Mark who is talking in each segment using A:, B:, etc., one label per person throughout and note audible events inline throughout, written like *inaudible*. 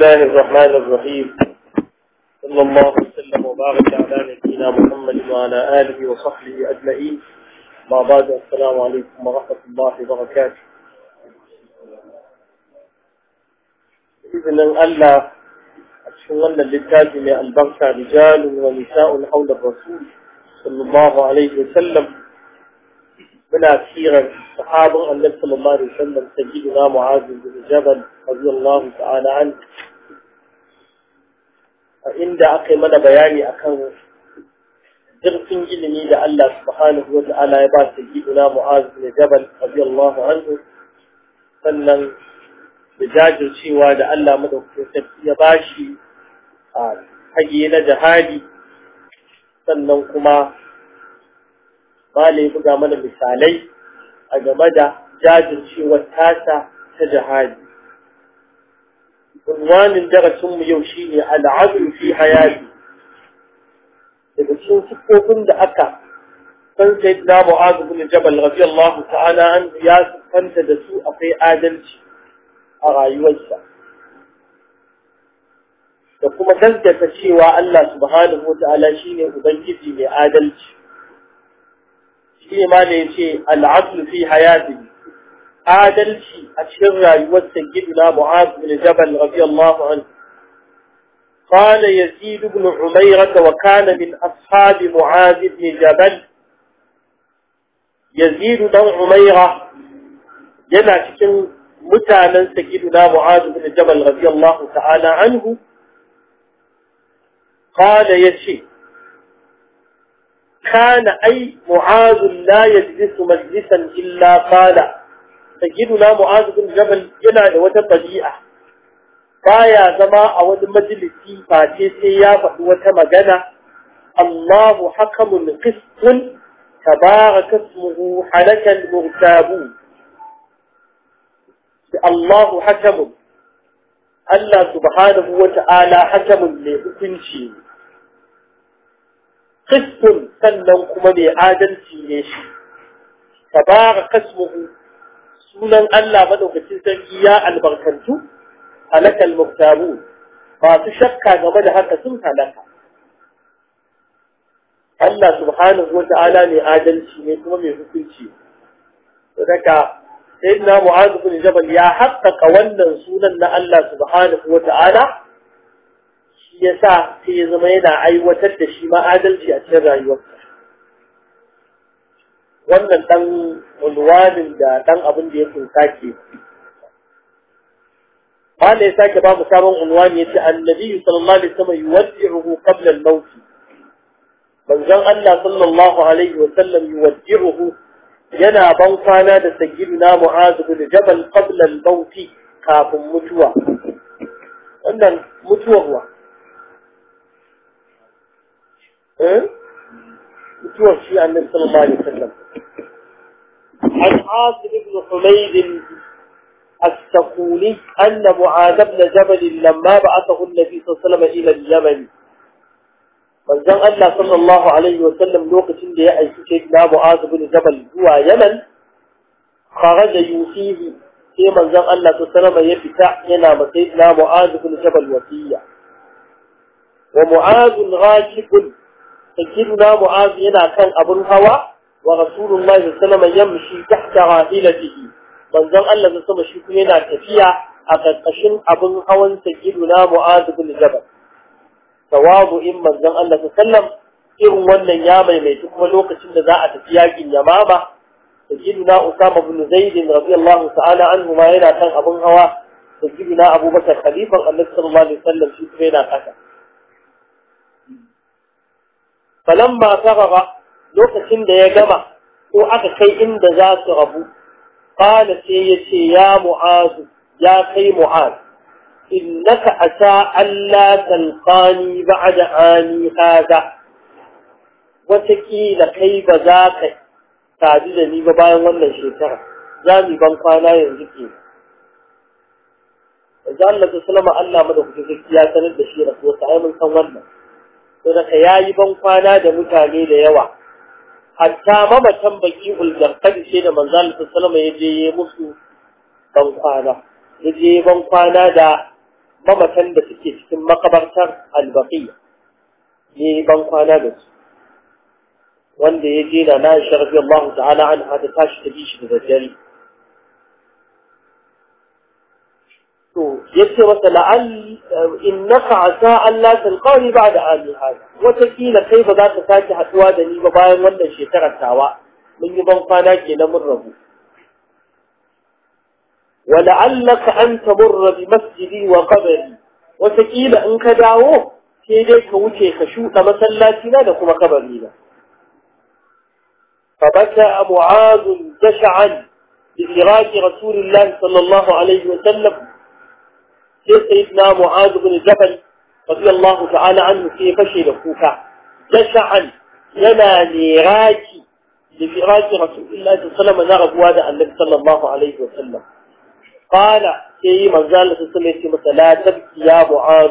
A: الله الرحمن الرحيم صلى الله وسلم وبارك على نبينا محمد وعلى آله وصحبه أجمعين ما بعد السلام عليكم ورحمة الله وبركاته بإذن الله اشهد ان للتاج من البركة رجال ونساء حول الرسول صلى الله عليه وسلم من أكثيرا صحابة النبي صلى الله عليه وسلم سيدنا معاذ بن جبل رضي الله تعالى عنه inda aka yi mana bayani akan zurfin ilimi da Allah subhanahu wa ta'ala ya ba su giduna Mu'az bin Jabal radiyallahu anhu sannan da jajircewa da Allah madaukakin sarki ya bashi a hage na jihadi sannan kuma malai buga mana misalai a game da jajircewar tasa ta jihadi عنوان الدرس ثم يوشيني العدل في حياتي إذا شون سكو كند أكا كان سيدنا معاذ بن الجبل رضي الله تعالى عنه ياسف كان تدسوء في آدلش أغاي وجسا وكما كان تفشيوا الله سبحانه وتعالى شيني أبنجي في شيني ما ليشي العدل في حياتي adalci a cikin rayuwar معاذ بن جبل رضي الله عنه قال يزيد بن عميرة وكان من أصحاب معاذ بن جبل يزيد بن عميرة ينا شكل متانا سيدنا معاذ بن جبل رضي الله تعالى عنه قال يشي كان أي معاذ لا يجلس مجلسا إلا قال سيدنا معاذ بن جبل يلا لوجه طبيعة فايا زماء أود مجلسي فاتيسي يابه وتمجنة الله حكم قسط تبارك اسمه حلك المغتابون الله حكم الله سبحانه وتعالى حكم لأكن شيء قسط سنوكم لآدم سيش تبارك اسمه sunan Allah madaukakin sarki ya albarkantu halakal muktabu masu shakka game da haka sun halaka Allah subhanahu wa ta'ala ne adalci ne kuma mai hukunci daga sayyidina mu'adh bin jabal ya haƙƙaƙa wannan sunan na Allah subhanahu wa ta'ala shi yasa sai ya zama yana aiwatar da shi ma adalci a cikin rayuwarsa wannan dan unwanin da dan abin da ya kunsa ke Mala ya sake ba mu sabon unwani ya ce annabi sallallahu alaihi wasallam yuwaddi'uhu qabla al-maut manzon Allah sallallahu alaihi wasallam yuwaddi'uhu yana ban kwana da sayyidina Mu'az bin Jabal qabla al-maut kafin mutuwa wannan mutuwa eh توفي عن النبي صلى الله عليه وسلم عن عاصم بن حميد السقولي أن معاذ بن جبل لما بعثه النبي صلى الله عليه وسلم إلى اليمن وجان الله صلى الله عليه وسلم لوقت اللي يعيش شيء لا معاذ بن جبل هو يمن خرج يوسيه في من جان الله صلى الله عليه وسلم يبتع ينا مسيد معاذ بن جبل وفيه ومعاذ غاشق سيدنا معاذ ينا كان أبو الهوى ورسول الله صلى الله عليه وسلم يمشي تحت راحلته من ذن الله صلى الله عليه ينا تفيا أقرقشن أبو الهوى سيدنا معاذ بن جبل tawazu in manzon Allah sallam irin wannan ya maimaitu kuma lokacin da za a tafi yakin yamama sayyiduna usama ibn zaid radiyallahu ta'ala anhu ma yana kan abun hawa sayyiduna abubakar khalifan annabi sallallahu alaihi wasallam shi kuma yana kasa falamma sarara lokacin da ya gama ko aka kai inda za su rabu qala sai yace ya mu'azu, ya kai mu'az innaka ata alla talqani ba'da ani hada watakila kai ba za ka sadu da ni ba bayan wannan shekara za mu ban kwana yanzu ke da Allah ta salama Allah gaskiya sanar da shi rasuwa ta ai mun san wannan to ya yi ban kwana da mutane da yawa hatta mamatan baki ulgarkar sai da manzal sallama ya je yi musu ban kwana ya je ban kwana da mamatan da suke cikin makabartar albaqi yi ban kwana da su wanda ya je da na shi rabbi Allah ta'ala an hada tashi ta bi shi da daddare يكتبت لعل آه، إن نقع ساعة لا تلقاني بعد ان الحال وتكيلة كيف ذات ساتحة وادني مبايا ولا شيء ترى التعواء من يبنقانا جينا مره ولعلك أن تمر بمسجدي وقبري وتكيلة إن كداوه كيدي كوتي خشوء مسلاتنا لكم قبرينا فبكى معاذ جشعا بفراج رسول الله صلى الله عليه وسلم سيدنا معاذ بن جبل رضي الله تعالى عنه في فشل الكوفة جشعا لنا نيراج لفراج رسول الله صلى الله عليه وسلم نغب وادع النبي صلى الله عليه وسلم قال في مجال صلى الله عليه وسلم لا تبكي يا معاذ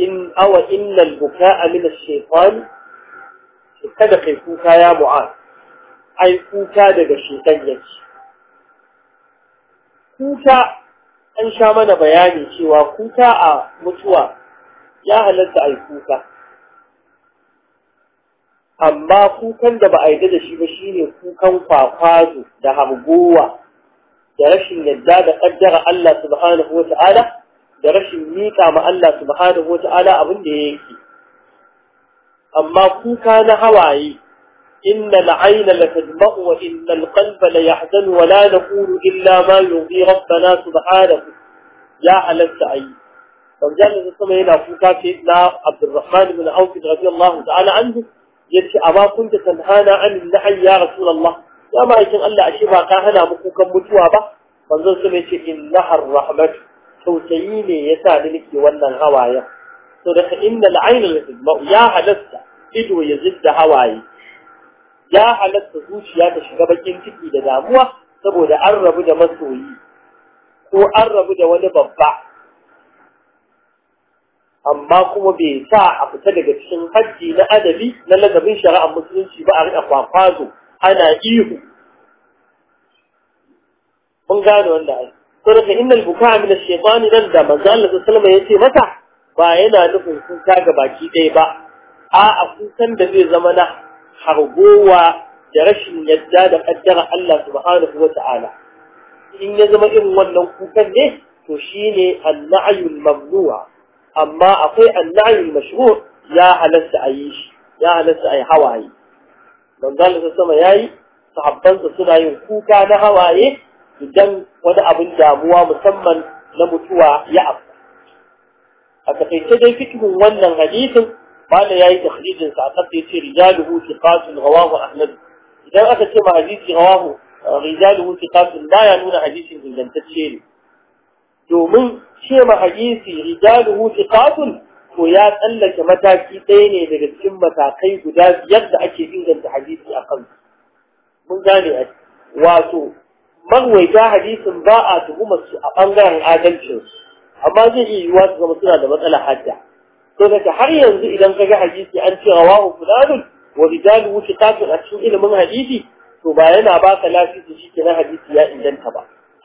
A: إن أو إن البكاء من الشيطان اتدق الكوفة يا معاذ أي كوكا دقى الشيطان يجي كوفة an sha mana bayani cewa kuka a mutuwa ya halatta a yi kuka amma kukan da ba a yi da shi ba shine kukan kwakwazo da hargowa da rashin yadda da kaddara Allah subhanahu wa da rashin miƙa ma Allah subhanahu wa abin da ya yake amma kuka na hawaye إن العين لتدمع وإن القلب ليحزن ولا نقول إلا ما يرضي ربنا سبحانه يا على السعيد فرجال الرسول هنا فوكا سيدنا عبد الرحمن بن عوف رضي الله تعالى عنه يتي أما كنت تنهانا عن النحي يا رسول الله يا ما يكن ألا أشبه كاهنا مكوكا متوابا فرجال سمي يتي إنها الرحمة توسييني يسعني يولى وانا الهواية صدق إن العين لتدمع يا على السعيد إدو يزد هوايه ya halatta zuciya ta shiga bakin ciki da damuwa saboda an rabu da masoyi ko an rabu da wani babba amma kuma bai sa a fita daga cikin hajji na adabi na ladabin shari'ar musulunci ba a riƙa kwakwazo ana ihu mun gane wanda ai da inna al-bukaa min ash-shaytan dan da manzo Allah sallallahu yace mata ba yana nufin kuka ga baki ɗaya ba a'a kukan da zai zama na hargowa da rashin yadda da kaddara Allah subhanahu wa ta'ala in ya zama irin wannan kukan ne to shine al-na'yul mamnu'a amma akwai al-na'yul mashru' ya halatta a yi shi ya halatta a yi hawaye manzalin sa sama yayi sahabbansa suna yin kuka na hawaye idan wani abin damuwa musamman na mutuwa ya afka a takaice dai fikihun wannan hadisin bala yayi takhrijin sa akan sai ce rijaluhu thiqatun rawahu ahmad idan aka ce ma hadisi rawahu eh, rijaluhu thiqatun ba ya nuna hadisin ingantacce ne domin ce ma hadisi rijaluhu thiqatun ko ya tsallake mataki ɗaya ne daga cikin matakai guda biyar da ake inganta hadisi a kan mun gane a wato marwaita hadisin ba a tuhumar su a ɓangaren adalcin amma zai iya yiwuwa su zama suna da matsalar hadda to daga har yanzu idan ka ga hadisi an ce rawahu fulanun wa rijaluhu kafin a cikin ilimin hadisi to ba yana ka lafiya shi kenan hadisi ya inganta ba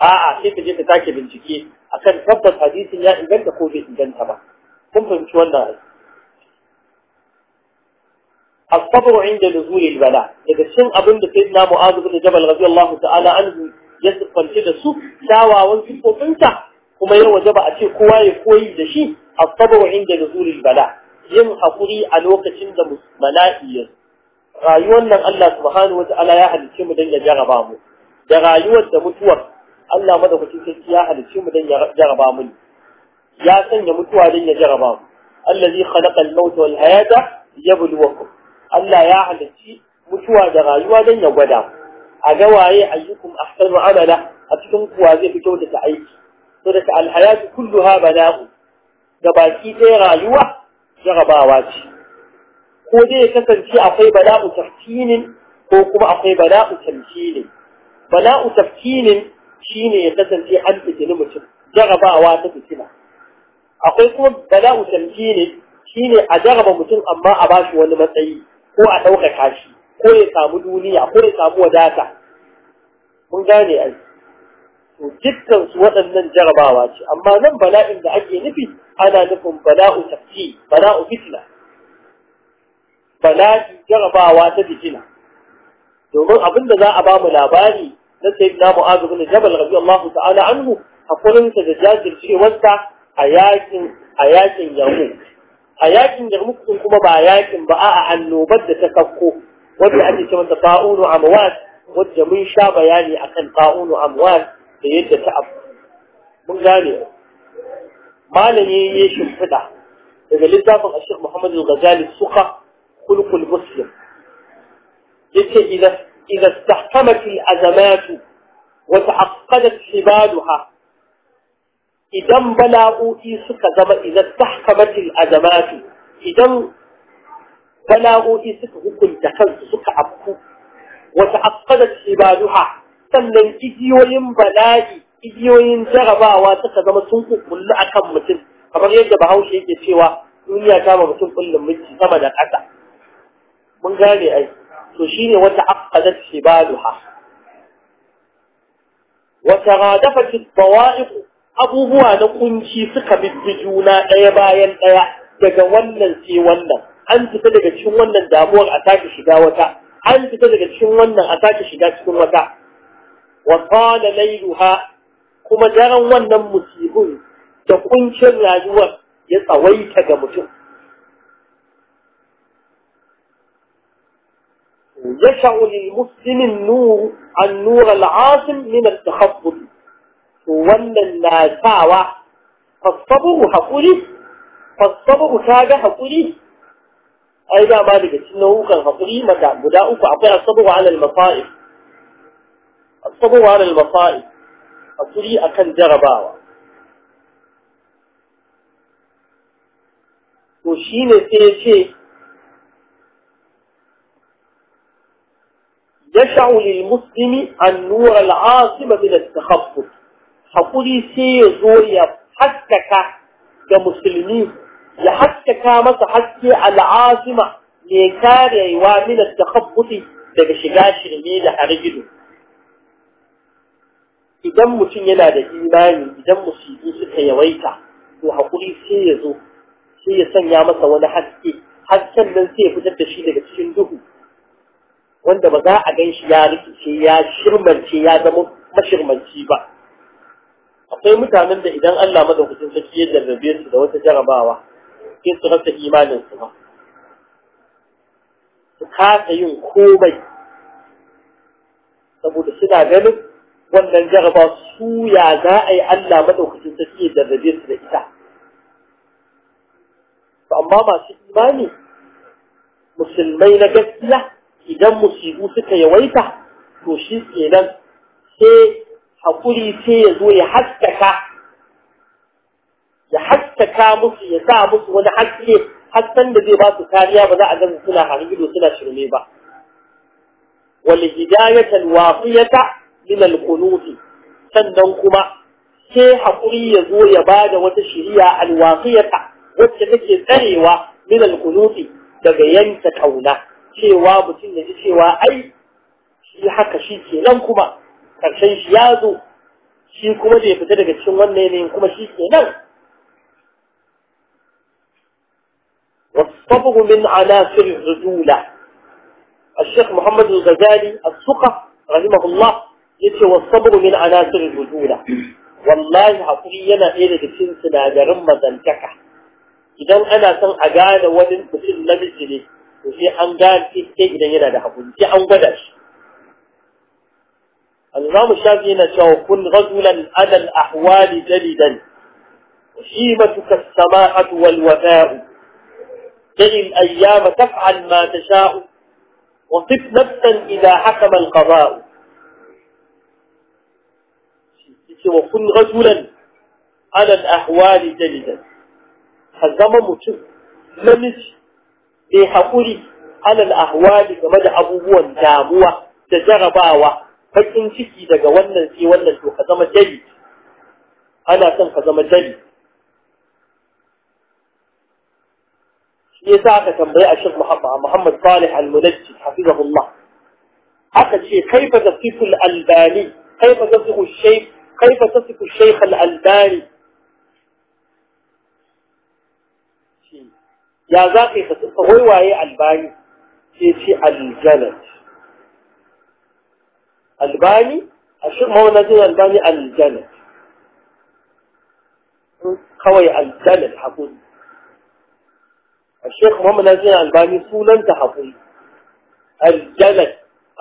A: a'a sai ka je ka sake bincike akan tabbas hadisin ya inganta ko bai inganta ba kun fahimci wannan الصبر عند نزول البلاء daga cikin abin da sayyidina Mu'adh bin Jabal radiyallahu ta'ala anhu ya siffanta da su kyawawan siffofinsa kuma ya waje ba a ce kowa ya koyi da shi a sabawa inda da zurin bala yin haƙuri a lokacin da bala'i ya rayuwar nan Allah subhanahu wa ta'ala ya halicce mu dan ya jaraba mu da rayuwar da mutuwar Allah madaukakin sarki ya halicce mu dan ya jaraba mu ya sanya mutuwa dan ya jaraba mu allazi khalaqa al wal hayata liyabluwakum Allah ya halicci mutuwa da rayuwa dan ya gwada
B: a ga waye
A: ayyukum ahsanu amala a cikin kuwa zai fi kyautata aiki so da alhayatu kulluha bala'u ga baki ɗaya rayuwa jarabawa ce ko zai kasance akwai bala'u tafkinin ko kuma akwai bala'u tamkinin bala'u tafkinin shine ya kasance an fitini mutum jarabawa ta fitina akwai kuma bala'u tamkinin shine a jaraba mutum amma a bashi wani matsayi ko a ɗaukaka shi ko ya samu duniya ko ya samu wadata mun gane ai to dukkan su waɗannan jarabawa ce amma nan bala'in da ake nufi ana nufin bala'u tafi bala'u fitna bala'i jarabawa ta fitina domin abin da za a ba mu labari na sayi mu'azu bin jabal radiyallahu ta'ala anhu sa da jajircewarsa a yakin a yakin a yakin yarmu din kuma ba yakin ba a annobar da ta sakko wanda ake cewa ta'unu amwat wadda mun sha bayani akan ta'unu amwat da yadda ta abu mun gane malami ya shimfiɗa daga littafin ashir muhammadu gazali suka kulkul muslim yace idan إذا استحكمت الأزمات وتعقدت حبالها إذا استحكمت الأزمات إذا بلاؤي حبالها sannan igiyoyin bala'i igiyoyin jarabawa suka zama sun a kan mutum kamar yadda bahaushe yake cewa duniya ta ma mutum kullum miki sama da ƙasa mun gane ai to shine wata aqadat shibaluha wa taradafat ad abubuwa na kunci suka bibbi juna ɗaya bayan ɗaya daga wannan sai wannan an fita daga cikin wannan damuwar a sake shiga wata an fita daga cikin wannan a sake shiga cikin wata وطال ليلها kuma daren wannan musibin da kuncin rayuwar ya tsawaita ga mutum يشع للمسلم النور النور العاصم من التخبط wannan na sawa fassabaru haƙuri fassabaru ta ga haƙuri ai dama daga cikin nau'ukan haƙuri mata guda uku akwai asabaru alal masa'ib kwabowa da albafa’i a turi a kan jarabawa. To sai ce, Ya sha’ulil muslimi an nura al’asu ba ta haku, haƙuri sai ya zo ya haskaka ga musulmi, ya haskaka masa haske al’asu ma mai kare wa minar ta daga shiga shirme da har gidu. idan mutum yana da imani idan musibi suka yawaita to hakuri sai ya zo sai ya sanya masa wani haske hasken nan sai ya fitar da shi daga cikin duhu wanda ba za a gan shi ya rikice ya shirmance ya zama mashirmanci ba akwai mutanen da idan Allah madaukakin sarki ya jarrabe su da wata jarabawa sai su rasa imanin su ba su kasa yin komai saboda suna ganin wannan jaraba su ya za a yi Allah maɗaukacin sarki da jarrabe su da ita amma masu imani musulmai na gaskiya idan musibu suka yawaita to shi kenan sai hakuri ce ya zo ya haskaka ya haskaka musu ya sa musu wani haske hasken da zai ba su kariya ba za a gama suna hargido suna shirme ba wani hidayata al wafiyata min kunuti sannan kuma sai hakuri ya zo ya bada wata shiriya alwaqiyata wacce take tsarewa ilal kunuti daga yanka kauna cewa mutum ya ji cewa ai shi haka shi kenan kuma karshen shi ya zo shi kuma da fita daga cikin wannan yanayin kuma shi kenan وصفه من عناصر الرجولة الشيخ محمد الغزالي الثقة رحمه الله yace wasabru min anasir al-bujula wallahi hakuri yana ɗaya daga cikin sinadarin mazantaka idan ana son a gane wani mutum namiji ne to sai an gane sai idan yana da hakuri sai an gwada shi الإمام الشافعي نشأ كن رجلا على الأحوال جلدا وشيمتك السماحة والوفاء جل الأيام تفعل ما تشاء وصف نفسا إذا حكم القضاء ce wa kun rajulan ala al-ahwali jalidan ka zama mutum namiji mai haƙuri ala al-ahwali game da abubuwan damuwa da jarabawa bakin ciki daga wannan sai wannan to ka zama jali ana son ka zama jali shi yasa aka tambayi a Sheikh Muhammad Salih Al-Munajjid hafizahullah aka ce kaifa tafsirul albani kaifa tafsirul shaykh kaifa tasifu shaykh al-albani ya za ka yi ka waiwaye albani sai ce aljanat albani a shi maunajin albani aljanat kawai aljanat haƙuri a shekh muhammad najin albani sunanta haƙuri aljanat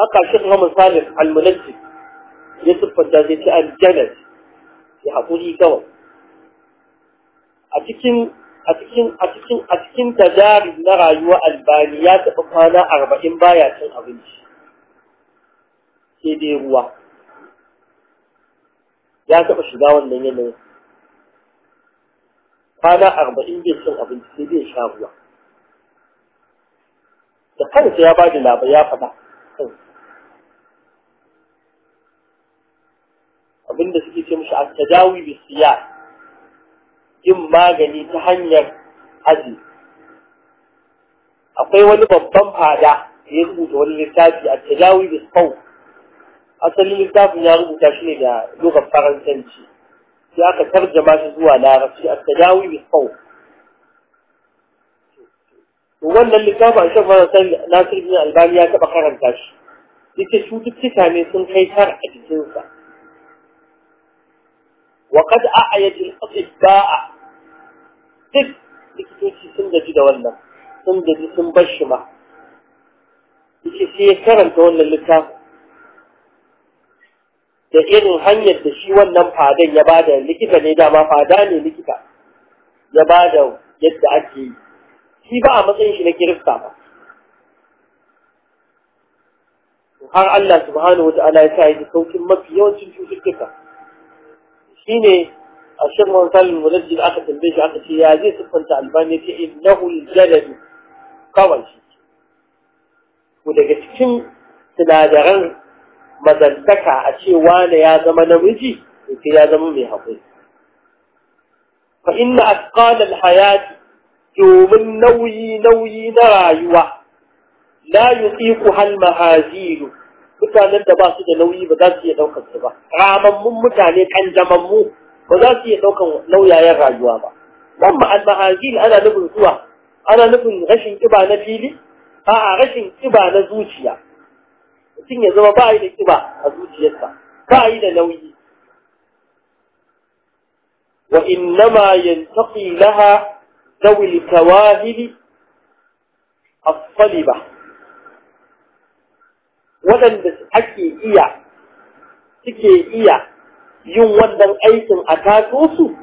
A: haka shekh muhammad salif almulajjid ya siffanta zai ta an janet ya haƙuri kawai a cikin a cikin a cikin a cikin tajarib na rayuwa albani ya taɓa kwana arba'in baya cin abinci sai dai ruwa ya taɓa shiga wannan yanayin kwana arba'in bai cin abinci sai dai sha ruwa da kansa ya ba da labar ya faɗa abinda suke ce mishi a tadawi bi siya yin magani ta hanyar aji akwai wani babban fada da ya rubuta wani littafi a tadawi bi sau asalin littafin ya rubuta shi ne da lokacin faransanci sai aka tarjama shi zuwa larabci a tadawi bi sau wannan littafin a shan faransan nasir bin albani ya taɓa karanta shi yace cututtuka ne sun kai tara a jikinsa وقد أعيد الأطباء duk likitoci sun gaji da wannan sun gaji sun bar shi ma yake sai ya karanta wannan littafin da irin hanyar da shi wannan fadan ya ba da likita ne dama fada ne likita ya ba da yadda ake yi shi ba a matsayin shi na kirista ba har Allah subhanahu wa ta'ala ya sa yi saukin mafi yawancin cututtuka shine a shirin wanzalin munajjid aka tambaye shi aka ce ya zai siffanta albani ce innahu aljalad kawai shi ku daga cikin sinadaran mazantaka a ce wane ya zama namiji to sai ya zama mai haƙuri fa inna asqal hayati domin nauyi nauyi na rayuwa la yutiqu hal mahazilu mutanen da ba su da nauyi ba za su iya daukar su ba ramammun mutane kan kanjamammu ba za su iya daukar nauyayen rayuwa ba don ma'an mahazil ana nufin zuwa ana nufin rashin kiba na fili a'a rashin kiba na zuciya mutum ya zama ba yi da kiba a zuciyarsa ba yi da nauyi wa innama yantaqi laha zawil kawahili as-saliba waɗanda ake iya suke iya yin wannan aikin a taso su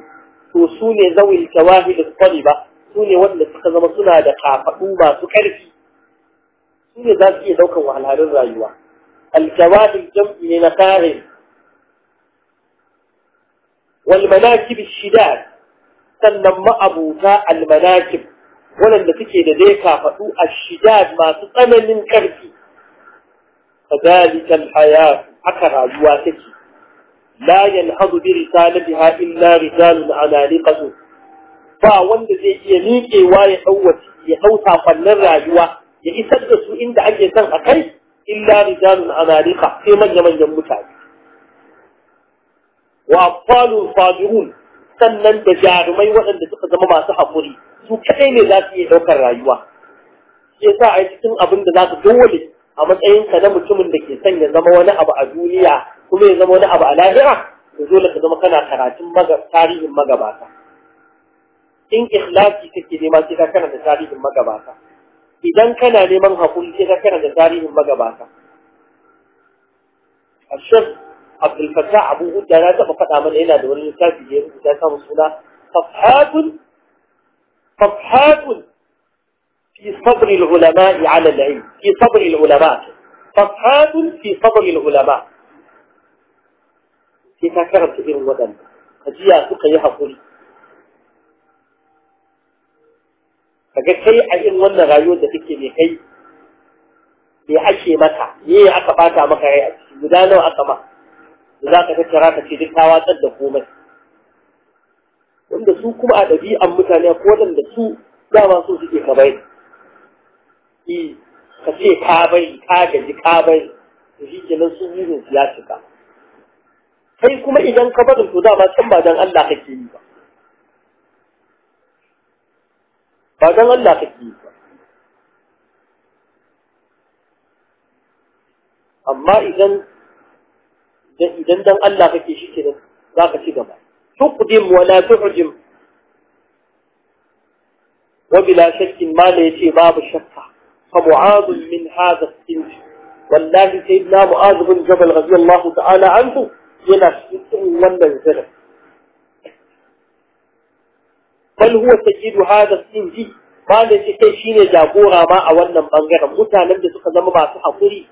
A: to su ne zawil jawahi da kwali ba su ne wanda suka zama suna da kafaɗu masu ƙarfi su ne za su iya ɗaukan wahalar rayuwa al aljawahi jam'i ne na karin manakib shida sannan ma'abuta manakib waɗanda suke da dai kafaɗu a shidad masu tsananin ƙarfi فذلك الحياة حكى رجوع تكي لا ينهض برسالتها إلا رجال عنالقة ba wanda zai iya miƙewa ya ɗauwace ya ɗauta fannin rayuwa ya isar da su inda ake son a kai illa rijalun anarika sai manya-manyan mutane wa afalun fajirun sannan da jarumai waɗanda suka zama masu haƙuri su kaɗai ne za su iya ɗaukar rayuwa ya sa a cikin abin da za dole a matsayin ka na mutumin da ke son ya zama wani abu a duniya kuma ya zama wani abu a lahira zo da ka zama kana karatun tarihin magabata in ikhlasi kake nema sai ka kana tarihin magabata idan kana neman hakuri sai ka kana da tarihin magabata taɓa faɗa mana yana da wani littafi عمل هنا rubuta ya samu suna صفحات صفحات في صبر العلماء على العلم في irin العلماء Kajiya suka yi العلماء في كاكرة kaga kai a in wannan rayuwar da kake mai kai me ake maka me aka bata maka rai a guda nawa aka ma da ka tattara ka ce duk ta watsar da komai wanda su kuma a ɗabi'an mutane ko waɗanda su dama su suke ka bai ka ce ka bari ka gaji ka bari to shi kenan su ya cika kai kuma idan ka barin to dama can ba dan Allah kake yi ba ba dan Allah kake yi ba amma idan idan dan Allah kake shi ke nan za ka ci gaba tuqdim wa la tuhjim wa bila shakkin ma ya yace babu shakka فمعاذ من هذا السنج والله سيدنا معاذ بن جبل رضي الله تعالى عنه ينا سنته ومن زلم بل هو سجد هذا السنج ما الذي تشين جابورا ما أولا بانجرا متى لم يسوك زمبا سحقري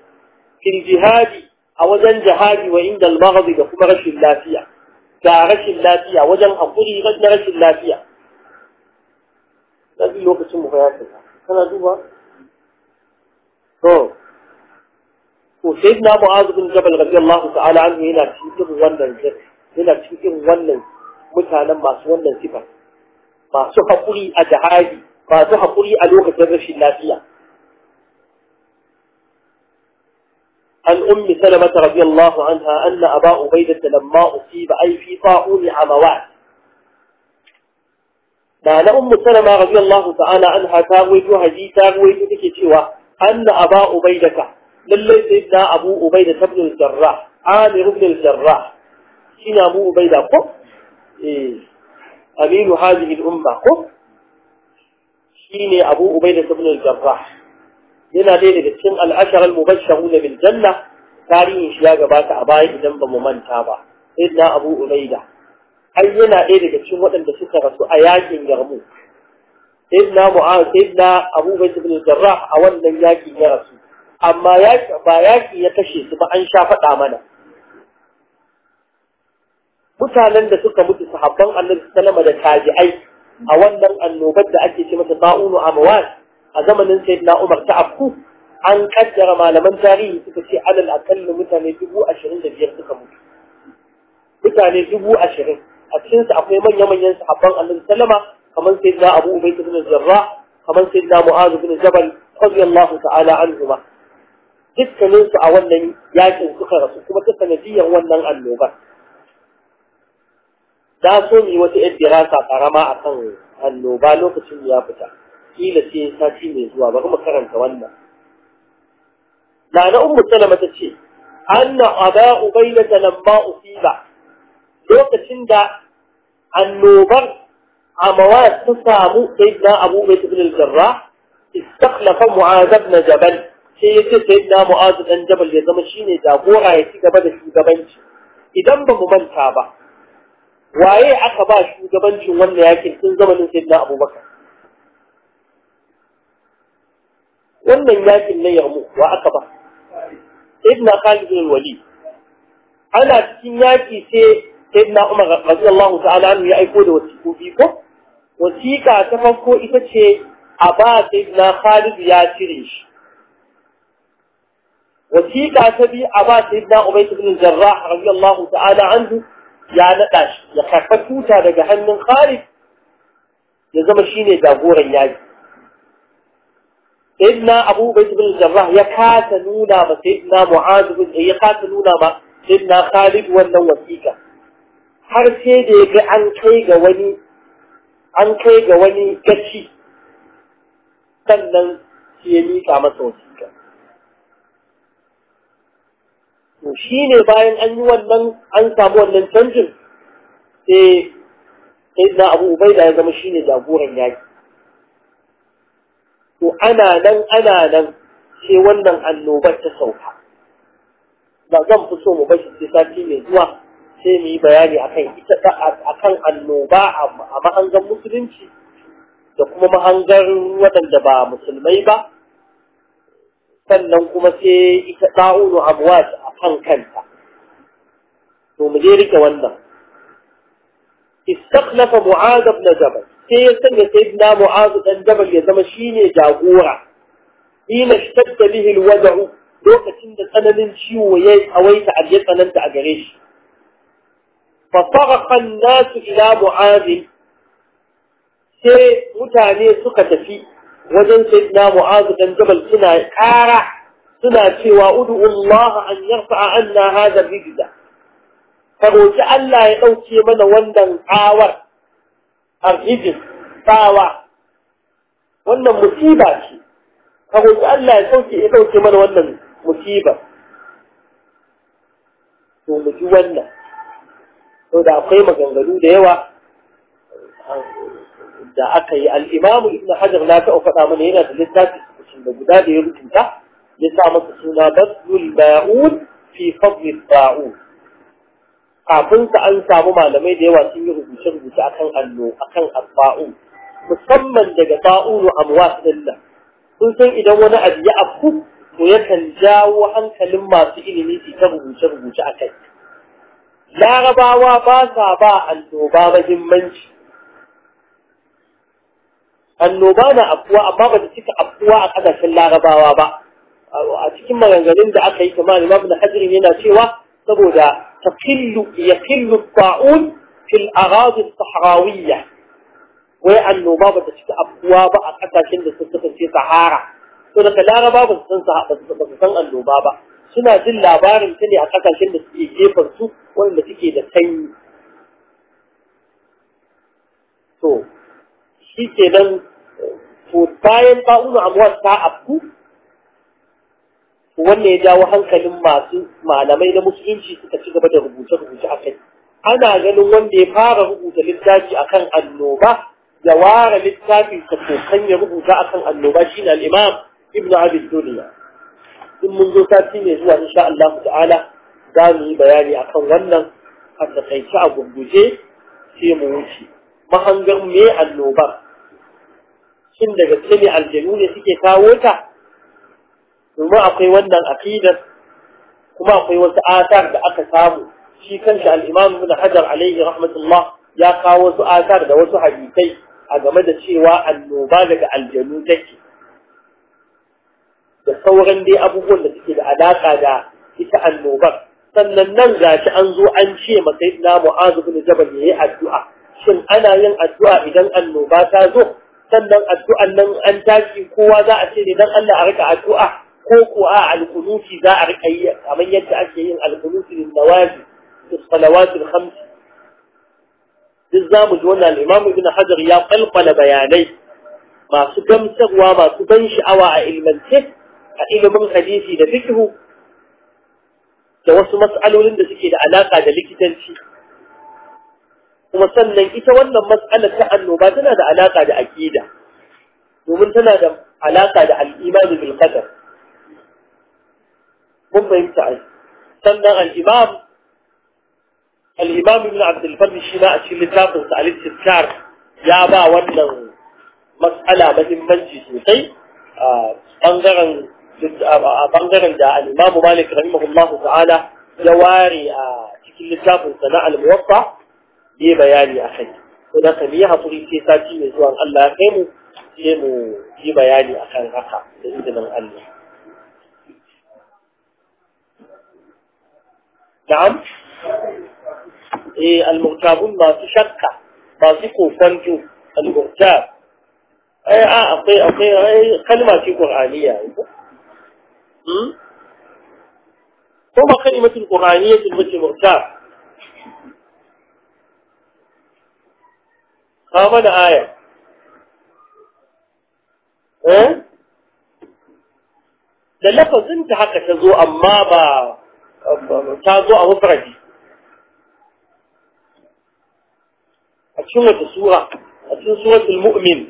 A: في الجهاد أولا جهاد وعند المغض لكم رش اللافية كارش اللافية وجن حقري رجن رش اللافية نبي لوك سمه يا سيدنا أنا دوبا وسيدنا معاذ بن جبل رضي الله تعالى عنه هنا تشكر ونن هنا تشكر ونن متانا ما سوى ونن سفا ما سوف قري أجهادي ما سوف قري ألوك تغرش الناسية عن أم سلمة رضي الله عنها أن أباء بيدة لما أصيب أي في طاعون عموات ما أم سلمة رضي الله تعالى عنها تاويتها جي تاويتها كي تشوى أن أبا أبيدة للي سيدنا أبو أبيدة بن الجراح عامر بن الجراح كنا أبو أبيدة قم إيه. أمير هذه الأمة قم كنا أبو أبيدة بن الجراح لنا ليلة بسن العشر المبشرون بالجنة تاريخ شياغ بات أباي جنب ممن تابا سيدنا أبو أبيدة أينا ليلة بسن وأن بسكرة أياك يرمو inna mu'az sayyidina abu bakr ibn jarrah a wannan yaki ya rasu amma yaki ba yaki ya kashe su ba an sha faɗa mana mutanen da suka mutu sahabban annabi sallama da tabi'ai a wannan annobar da ake ce mata ba'unu amwat a zamanin sayyidina umar ta afku an kaddara malaman tarihi suka ce alal akalli mutane dubu ashirin da biyar suka mutu mutane dubu ashirin a cikinsu akwai manya-manyan sahabban annabi sallama kamar sai da Abu Ubayd ibn Jarrah kamar sai da Mu'adh ibn Jabal radiyallahu ta'ala anhuma dukkanin su a wannan yakin suka rasu kuma ta sanadiyar wannan annoba da so ni wata yar dirasa karama akan annoba lokacin ya fita kila sati mai zuwa bari mu karanta wannan nana ummu salama ta ce anna aba ubayda lamma usiba lokacin da annobar amawat ta samu sayyidina Abu Bakr ibn al-Jarrah istakhlafa Mu'adh ibn Jabal sai yace sayyidina Mu'adh dan Jabal ya zama shine jagora ya ci gaba da shugabanci idan ba mu manta ba waye aka ba shugabancin wannan yakin tun zamanin sayyidina Abu abubakar? wannan yakin na yarmu wa aka ba sayyidina Khalid ibn Walid ana cikin yaki sai sayyidina Umar radiyallahu ta'ala anhu ya aiko da wasiƙo biyu ko wasiƙa ta farko ita ce a ba na Khalid ya cire shi wasiƙa ta biyu a ba na Ubayd ibn Jarrah radiyallahu ta'ala anhu ya naɗa shi ya karɓa tuta daga hannun Khalid ya zama shine jagoran yaki sayyidina abu Ubayd bin jarrah ya kasa nuna ma sayyidina mu'adh ibn ya kasa nuna ma sayyidina khalid wannan wasiƙa har sai da ya ga an kai ga wani an kai ga wani gashi sannan shi ya miƙa masa wasiƙa to shi ne bayan an yi wannan an samu wannan canjin sai na, abu da ya zama shi ne jagoran yaƙi. to ana nan ana nan sai wannan annobar ta sauka ba zan fi so mu bashi sai sati mai zuwa sai mu yi bayani akan ita akan annoba a mahangar musulunci da kuma mahangar waɗanda ba musulmai ba sannan kuma sai ita ɗa'unu amwat a kan kanta to mu je rike wannan istakhlafa mu'az ibn jabal sai ya sanya sayyidina mu'az dan jabal ya zama shine jagora ina shtadda bihi alwad'u lokacin da tsananin ciwo ya tsawaita a tsananta a gare shi فطرق الناس إلى معاذ سي متاني سكة في وجن سيدنا معاذ بن جبل سنة كارة سنة سوى أدعو الله أن يرفع عنا هذا الرجل فقلت أن لا يأوتي من وندا عاور الرجل طاوى وانا مصيبة فقلت أن لا من وندا مصيبة ومجوانا ko da akwai maganganu da yawa da aka yi al'imamu ibn hajar na taɓa faɗa mana yana da littafi cikin da guda da ya rubuta ya sa masa suna baslul ba'un fi fadlil ba'un kafin sa an samu malamai da yawa sun yi rubuce rubuce akan allo akan abba'un musamman daga ba'unu amwas dinnan sun san idan wani abu ya afku to yakan jawo hankalin masu ilimi su ta rubuce rubuce akai larabawa ba sa ba annoba mahimmanci annoba na afuwa amma ba ta cika afuwa a ƙasashen larabawa ba a cikin maganganun da aka yi kamar imam na hajjirin yana cewa saboda taqillu yaqillu ta'un fil aghadi sahrawiya sahrawiyya wai annoba ba ta cika afuwa ba a ƙasashen da suka ce sahara to daga laraba ba su san annoba ba suna jin labarin ta ne a kasashen da suke jefar su wanda suke da sanyi to shi ke nan to bayan ba'unu amwar ta afku wannan ya jawo hankalin masu malamai na musulunci suka ci gaba da rubuce-rubuce a kai ana ganin wanda ya fara rubuta littafi akan annoba ya ware littafi ta kokan ya rubuta akan annoba shi na al'imam Ibn abi in mun zo sati mai zuwa insha Allah ta'ala za mu yi bayani akan wannan a takaice a gurguje sai mu wuce mahangar me annobar shin daga ne aljanu ne suke kawo ta domin akwai wannan aqidar kuma akwai wasu asar da aka samu shi kanshi al-Imam Ibn Hajar alaihi rahmatullah ya kawo wasu asar da wasu hadisai a game da cewa annoba daga aljanu take da sauran dai abubuwan da suke da alaka da ita annobar sannan nan gashi an zo an ce ma sayyidina mu'azu bin jabal yayi addu'a shin ana yin addu'a idan annoba ta zo sannan addu'an nan an taki? kowa za a ce ne dan Allah a rika addu'a ko ko a alqunuti za a rika yi kamar yadda ake yin alqunuti lin nawazi fi salawat al khams duk za ji wannan imam ibn hajar ya kalkala bayanai masu gamsarwa masu ban sha'awa a ilmance a ilimin hadisi da fikihu da wasu mas'alolin da suke da alaka da likitanci kuma sannan ita wannan mas'alar ta annoba tana da alaka da aqida domin tana da alaka da al al'imani bil qadar mun fahimta sannan al-imam al-imam ibn abd al-farr shi ma a cikin littafin sa al-istizkar ya ba wannan mas'ala muhimmanci sosai a bangaren بنظر عند الإمام مالك رحمه الله تعالى جواري آه، في اللساب والسناء الموطع ببياني أخي هنا كميها طريق سيساتي يزوى الله يخيمه يخيمه ببياني أخي الرقع لإذن الله نعم إيه، المغتاب ما تشكى ما تقو فنجو المغتاب آه، أي أعطي أعطي أي كلمة في قرآنية Hmm? ko ba kalimatul qur'aniyyatin bace mu'ta ka eh? da aya da lafazin ta haka ta zo amma ba ta zo a mufradi a cikin wata sura a cikin suratul mu'min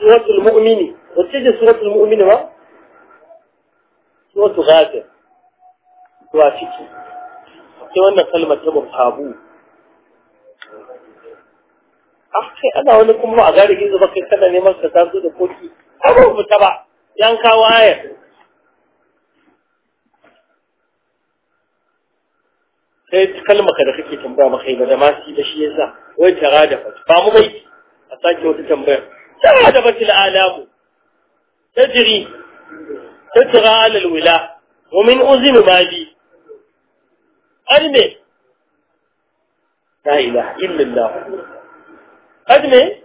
A: suratul mu'mini wacce ce suratul mu'mini ba suratu ghafir to a ciki sai wannan kalmar ta babu a ah, kai ana wani kuma a gari gizo ba kai kada neman ka taso da koki a ba mu ta ba yan kawo ayar sai kalmar ka da kake tambaya maka ba da ma shi da shi yasa wai tara da fa ba mu bai a sake wata tambaya tara da fatil alamu jiri. تترى على الولاء ومن أذن ما لي أدمي لا إله إلا الله أدمي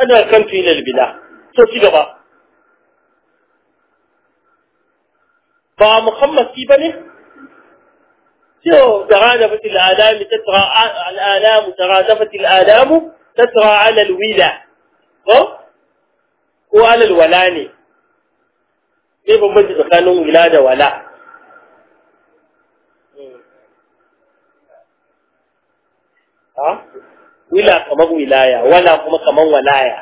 A: أنا كنت إلى البلاء سوتي قبا با محمد في شو ترادفت الآلام تترى الآلام ترادفت الآلام تترى على الولاء هو على الولاني sai bambanci tsakanin wila da wala wila kamar wilaya wala kuma kamar walaya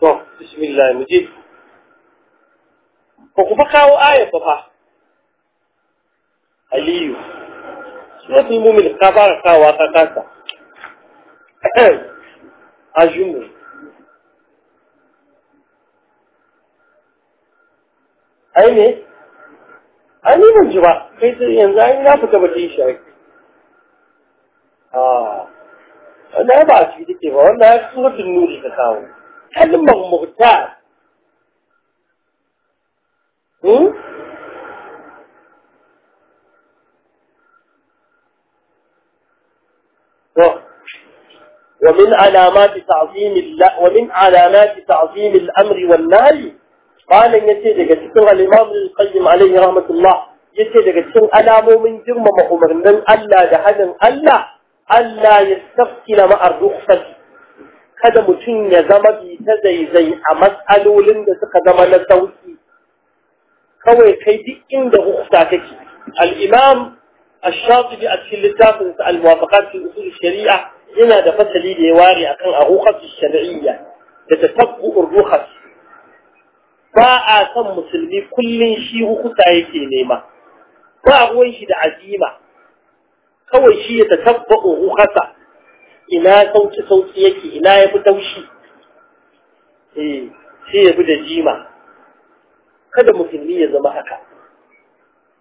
A: to bismillah mu ko kuma kawo ayat fa aliyu suratul mumin ka fara kawa ka kasa a *clears throat* jumu ai ne ai ni mun ji ba kai sai yanzu ai na fita ba ta yi shari a ah. wanda ba a ciki take ba wanda ya suratul nuri ka kawo kalmar muhtar hmm? ومن علامات تعظيم الله ومن علامات تعظيم الأمر والنهي قال يتي دغ cikin al-Imam al-Qayyim alayhi rahmatullah yace daga cikin alamomin girmama umarnin Allah da hadin Allah Allah ya tafkila ma'ar rukhsat kada mutum ya zama bi ta zaizai a matsalolin da suka zama na sauki kawai kai duk inda rukhsa take al-Imam الشاطبي أكل لتافنس الموافقات في أصول الشريعة yana da fasali da ya ware akan aruqas shar'iyya da tatabbu'ur ruhas ba a san musulmi kullun shi hukuta yake nema ba ruwan shi da azima kawai shi ya tatabbu'ur ruhasa ina sauki sauki yake ina fi taushi eh shi bi da jima kada musulmi ya zama haka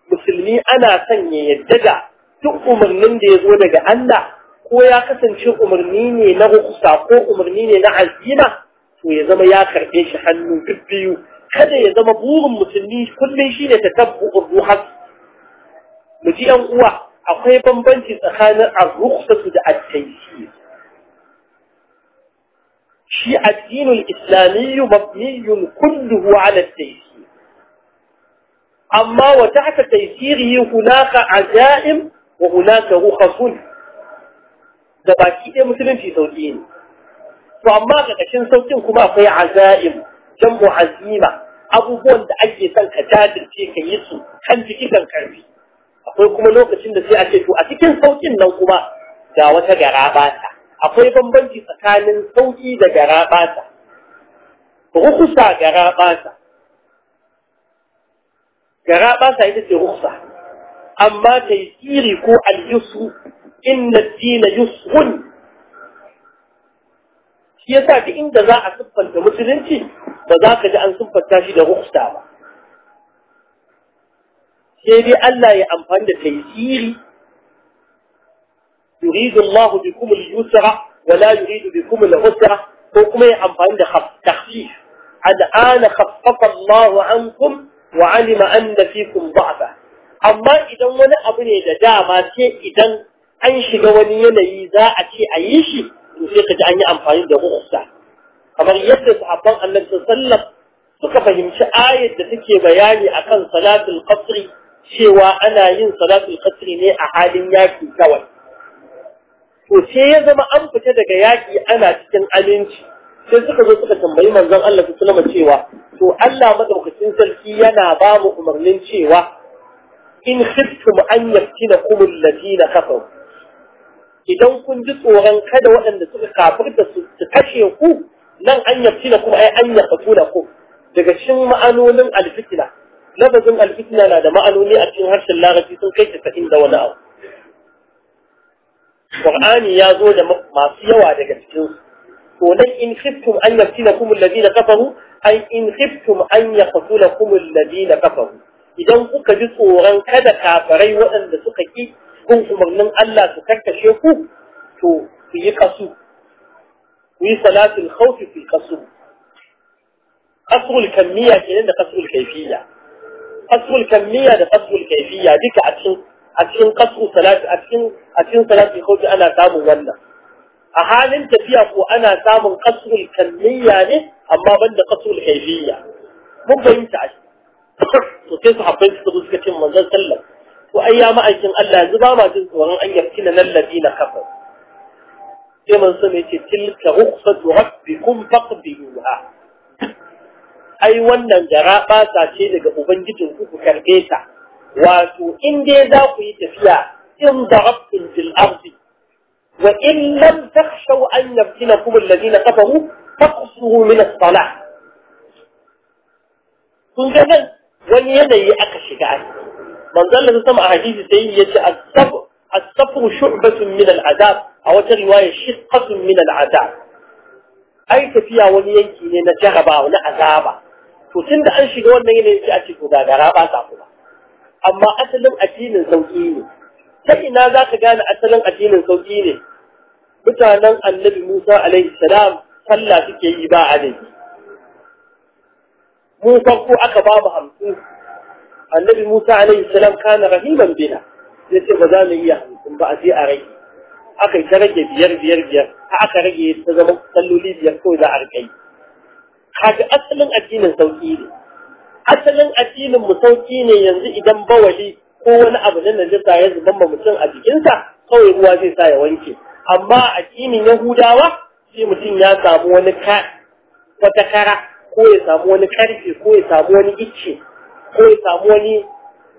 A: musulmi ana son ya yadda da duk umarnin da ya zo daga Allah ko ya kasance umarni ne na rukusa ko umarni ne na azima to ya zama ya karɓe shi hannu duk biyu kada ya zama burin musulmi kullum shi ne ta tabbu'ur ruhas mu ji yan uwa akwai bambanci tsakanin ar-rukhsatu da at-taysir shi addinin islamiyyu mabniyun kulluhu ala at-taysir amma wa tahta taysirihi hunaka ajaim wa hunaka rukhasun da baki ɗaya musulunci sauƙi ne to amma ga ƙashin sauƙin kuma akwai azaim jan azima abubuwan da ake son ka jajirce ka yi su kan jiki kan karfi akwai kuma lokacin da sai a ce to a cikin sauƙin nan kuma ga wata garabata akwai bambanci tsakanin sauƙi da garabata rukusa gara garabata ita ce rukusa amma tsiri ko al'isu inna na din yusrun shi yasa duk inda za a siffanta musulunci ba za ka ji an siffanta shi da rukhsa ba sai dai Allah ya amfani da taysiri yuridu Allah bikum al-yusra wa la yuridu bikum al-usra ko kuma ya amfani da takhfif al'ana khaffafa Allah ankum wa alima anna fikum da'fa amma idan wani abu ne da dama sai idan an shiga wani yanayi za a ce a yi shi to sai ka ji an yi amfani da rukhsa kamar yadda sahabban annabi sallallahu suka fahimci ayat da take bayani akan salatul qasri cewa ana yin salatul qasri ne a halin yaki kawai to sai ya zama an fita daga yaki ana cikin aminci sai suka zo suka tambayi manzon Allah su sallama cewa to Allah madaukakin sarki yana ba mu umarnin cewa in khiftum an yaftinakum alladhina kafaru idan kun ji tsoron kada waɗanda suka da su su kashe ku nan an yafi na kuma ai an yafi na ku daga cikin ma'anonin alfitina lafazin alfitina na da ma'anoni a cikin harshen larabci sun kai tasa'in da wani abu qur'ani ya zo da masu yawa daga cikin to nan in khiftum an yaftinakum alladhina kafaru ay in khiftum an yaqtulakum alladhina kafaru idan kuka ji tsoron kada kafarai waɗanda suka ki kun umarnin Allah su karkashe ku to ku yi kasu ku yi salatul khawfi fi kasu qasrul kamiyya kenan da kasul kayfiyya qasrul kamiyya da kasul kayfiyya duka a cikin a cikin kasu salati a cikin a cikin salati khawfi ana samu wannan a halin tafiya ko ana samun kasul kamiyya ne amma banda kasul kayfiyya mun bayyana shi to sai su haɓɓai su zo suka ce manzon sallallahu وأيامه أيتم الله زبامة جزورا أن يبكننا الذين كفر كما سمعت تلك غقصة ربكم فاقبلوها أي وانا جرابا ساتيلك أبنجتنكم كربيتا واتو إن ديزاقوا يتفيا إن ضربتم في الأرض وإن لم تخشوا أن يبكنكم الذين كفروا فاقصوه من الصلاة ثم كذلك وين يلي أكشك من ذا الذي سمع حديثي سيئي يتأسف أسف شعبة من العذاب أو ترواية شقة من العذاب أي تفيا وليكي لنا جغبا ونا عذابا فسند أنشد ونين يتأسف ذا غرابا ذاقبا أما أسلم أدين الزوجين سيئنا ذاك كان أسلم أدين الزوجين بتانا النبي موسى عليه السلام صلى في كيبا عليه موسى أكبر محمد annabi Musa alaihi salam kana rahiman bina yace ba za mu iya hamsin ba a je a rage aka yi ta rage biyar biyar biyar aka rage ta zama salloli biyar kawai za a rage kaga asalin addinin sauki ne asalin addinin mu sauki ne yanzu idan bawali ko wani abu na najasa ya zuban ma mutum a jikinsa kawai ruwa zai sa ya wanke amma addinin yahudawa sai mutum ya samu wani ka wata kara ko ya samu wani karfe ko ya samu wani icce ko ya samu wani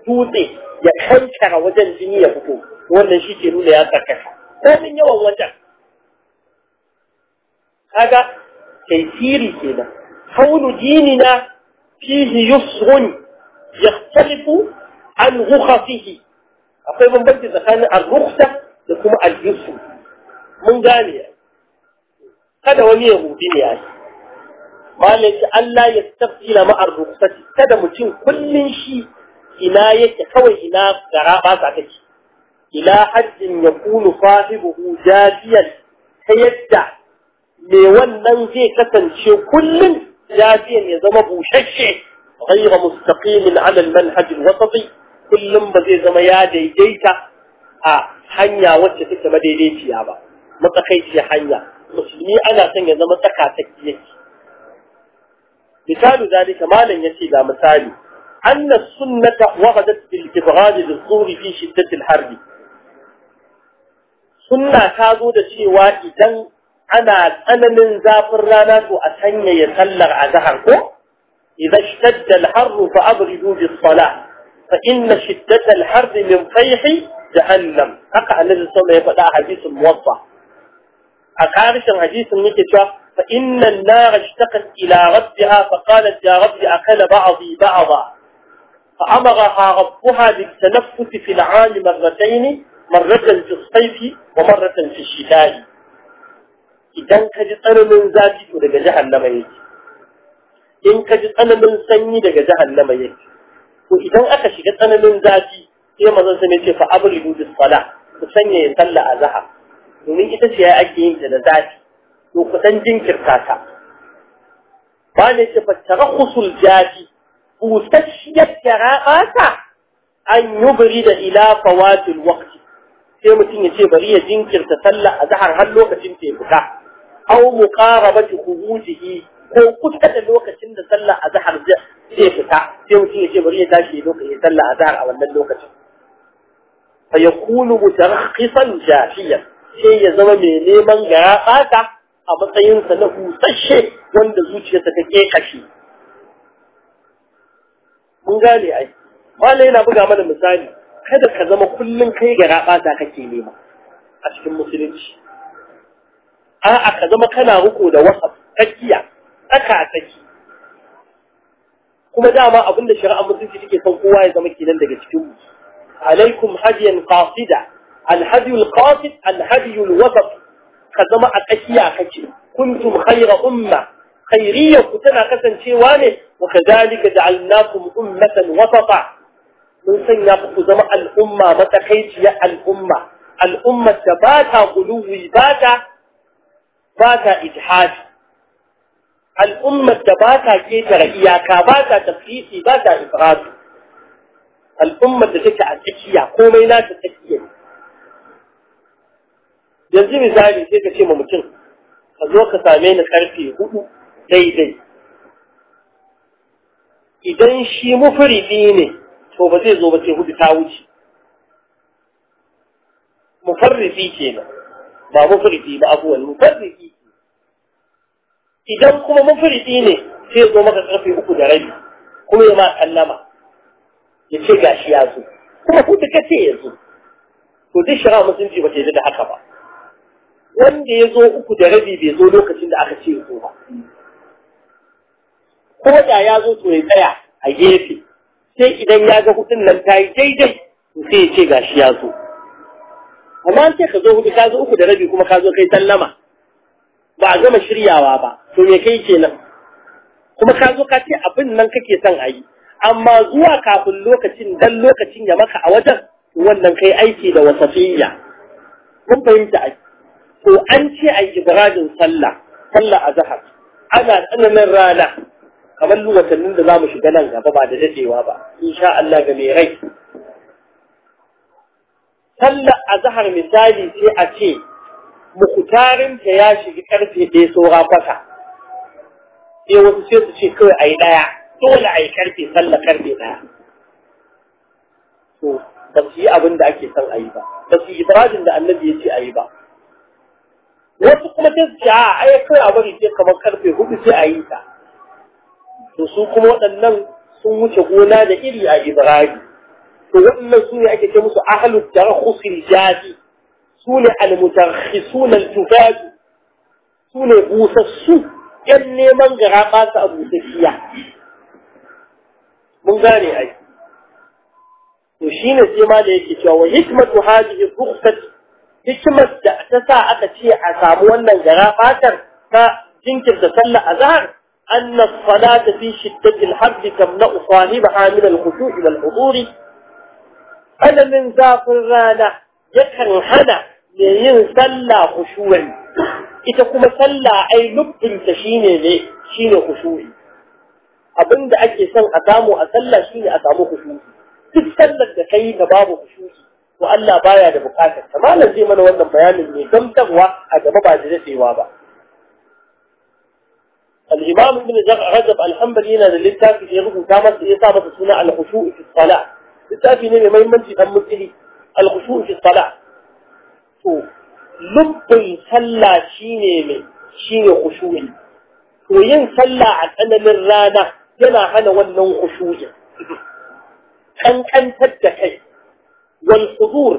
A: dutse ya kankara wajen jini ya fito wannan shi ke nuna ya tsarkaka komin yawan wajen kaga taifiri kenan haulu na fihi yusrun ya yakhtalifu an fihi akwai bambanci tsakanin al da kuma al-yusr mun gane kada wani ya hudu ne a malai ce Allah ya tafsila ma'ar rukusati kada mutum kullun shi ina yake kawai ina gara ba sa take ila hajjin ya kunu sahibuhu jafiyan ta yadda me wannan zai kasance kullun jadiyan ya zama bushashe ghayra 'ala al-manhaj al-wasati kullun ba zai zama ya daidaita a hanya wacce take madaidaiciya ba matsakaiciya hanya musulmi ana son ya zama tsaka yake مثال ذلك ما لن يتيجى مثالي أن السنة وغدت بالإبغاد للظهور في شدة الحرب سنة تاغودة شيواء إذن أنا أنا من زافرانات وأتني يتلغ عزهرك إذا اشتد الحر فأبردوا بالصلاة فإن شدة الحرب من فيحي جهنم أقع للسنة يبدأ حديث موضع أقارش حديث نكتشف فإن النار اشتقت إلى ربها فقالت يا رب أكل بعضي بعضا فأمرها ربها بالتنفس في العام مرتين مرة في الصيف ومرة في الشتاء إذن أنا من ذاتي ودك جهنم يجي إن كجي طنم سني دك جهنم يجي وإذن أكشي أنا من ذاتي إذا ما زلت سميتي فأبلغوا بالصلاة وسني يصلى أزهر ومن إذا شيء أجيين جنزاتي to ku dan jinkirta ta ba ne ce fa tarakhusul jadi busasshiyar garaba ta an yubri da ila fawatil waqti sai mutum ya ce bari ya jinkirta sallah a zahar har lokacin ta fita aw muqarabati khurujihi ko kusa da lokacin da sallah a zahar zai fita sai mutum ya ce bari ya tashi lokacin sallah a zahar a wannan lokacin fa yakunu mutarakhisan jahiyan sai ya zama mai neman garaba a matsayinsa na husasshe wanda zuciyarsa ta kekashi mun gane ai malai yana buga mana misali kada ka zama kullum kai gara ɓata kake nema a cikin musulunci a'a ka zama kana riko da wasa tsakiya tsaka a tsaki kuma dama abinda shari'ar musulunci take son kowa ya zama kenan daga cikin mu alaikum hadiyan qasida الهدي القاصد الهدي الوسط ka zama a tsakiya kake kuntum khayra umma khairiyar ku tana kasancewa ne wa kadhalika ja'alnakum ummatan wasata mun sanya ku zama al'umma matsakaiciya al'umma al'ummar da ba ta guluwi ba ta ba ta ijhadi al'ummar da ba ta ketare iyaka ba ta tafsiri ba ta ifradu al'ummar da take a tsakiya komai na ta tsakiya yanzu misali sai ka ce ma mutum ka zo ka same ni karfe hudu daidai idan shi mufuridi ne to ba zai zo ba sai hudu ta wuce ke nan ba mufuridi ba abuwan mufarridi idan kuma mufuridi ne sai zo maka karfe uku da rabi kuma ya ma kallama ya ce gashi ya zo kuma hudu ka ce ya zo to duk shara musulunci ba ta yi da haka ba wanda ya zo uku da rabi bai zo lokacin da aka ce zo ba ko da ya zo to ya tsaya a gefe sai idan ya ga hudun nan ta yi daidai to sai ya ce gashi ya zo amma sai ka zo hudu ka zo uku da rabi kuma ka zo kai sallama ba a gama shiryawa ba to me kai kenan kuma ka zo ka ce abin nan kake son a yi amma zuwa kafin lokacin dan lokacin ya maka a wajen wannan kai aiki da wasafiyya mun fahimta ai to an ce a Ibrahim sallah sallah a zahar ana tsananin rana kamar watannin da za mu shiga nan gaba ba da dadewa ba insha Allah ga mai rai sallah a zahar misali sai a ce mukutarin ta ya shiga karfe ɗaya saura kwasa sai wasu sai su ce kawai a yi ɗaya dole a yi karfe sallah karfe ɗaya to ba su yi abin da ake son a yi ba ba su yi da annabi ya ce a yi ba wasu kuma ta ce a ai kai a bari sai kamar karfe hudu sai a yi ta to su kuma waɗannan sun wuce gona da iri a ibrahim to waɗannan su ne ake ce musu ahlut tarhusil jadi su ne almutarhisun altufaj su ne busassu yan neman gara ba su a busasshiya mun gane ai to shine sai ma da yake cewa wa hikmatu hadhihi rukhsati hikimar da ta sa aka ce a samu wannan gara fatar ta jinkirta sallar azhar أن الصلاة في شدة الحرب تمنع صاحبها من الخشوع إلى الحضور أنا من ذاك الرانة يكن هنا لين صلى خشوعي ita kuma sallah ai nufinta shine ne shine khushu'i abinda ake son a samu a sallah shine a samu khushu'i duk sallar da kai da babu khushu'i to Allah baya da bukatar ta malam zai mana wannan bayanin mai gamsarwa a gaba ba da dadewa ba الإمام ابن رجب الحنبلي هنا للتاف في يغفو كامت إصابة سنة الخشوع في الصلاة للتاف هنا ما يمنشي كمثله الخشوع في الصلاة لبن صلى شيني من شيني خشوعي وين صلى عن أنا من رانا ينا هنا ونو خشوعي أن أن تدكي wal hudur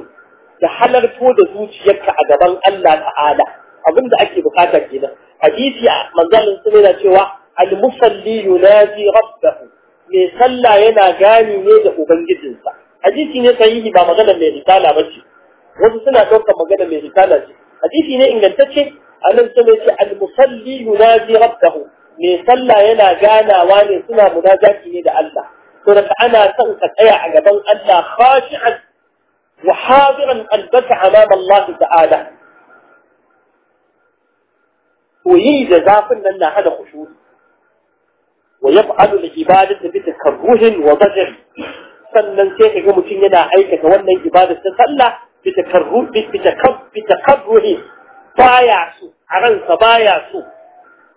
A: da halarto da zuciyarka a gaban Allah ta'ala abin da ake bukata kenan hadisi manzalin sun yana cewa al musalli yunazi rabbahu mai sallah yana gani ne da ubangijinsa hadisi ne sahihi ba magana mai risala bace wasu suna ɗaukar magana mai risala ce hadisi ne ingantacce annabi sun ce al musalli yunazi rabbahu mai sallah yana ganawa ne suna munajati ne da Allah to da ana son ka tsaya a gaban Allah khashi'an وحاضرا قلبك أمام الله تعالى ويي جزافن لنا هذا خشوع ويفعل العبادة بتكره وضجر sannan sai kaga mutum yana aikata wannan ibadar ta sallah bi takarru bi takabb bi takarruhi baya so a ransa baya so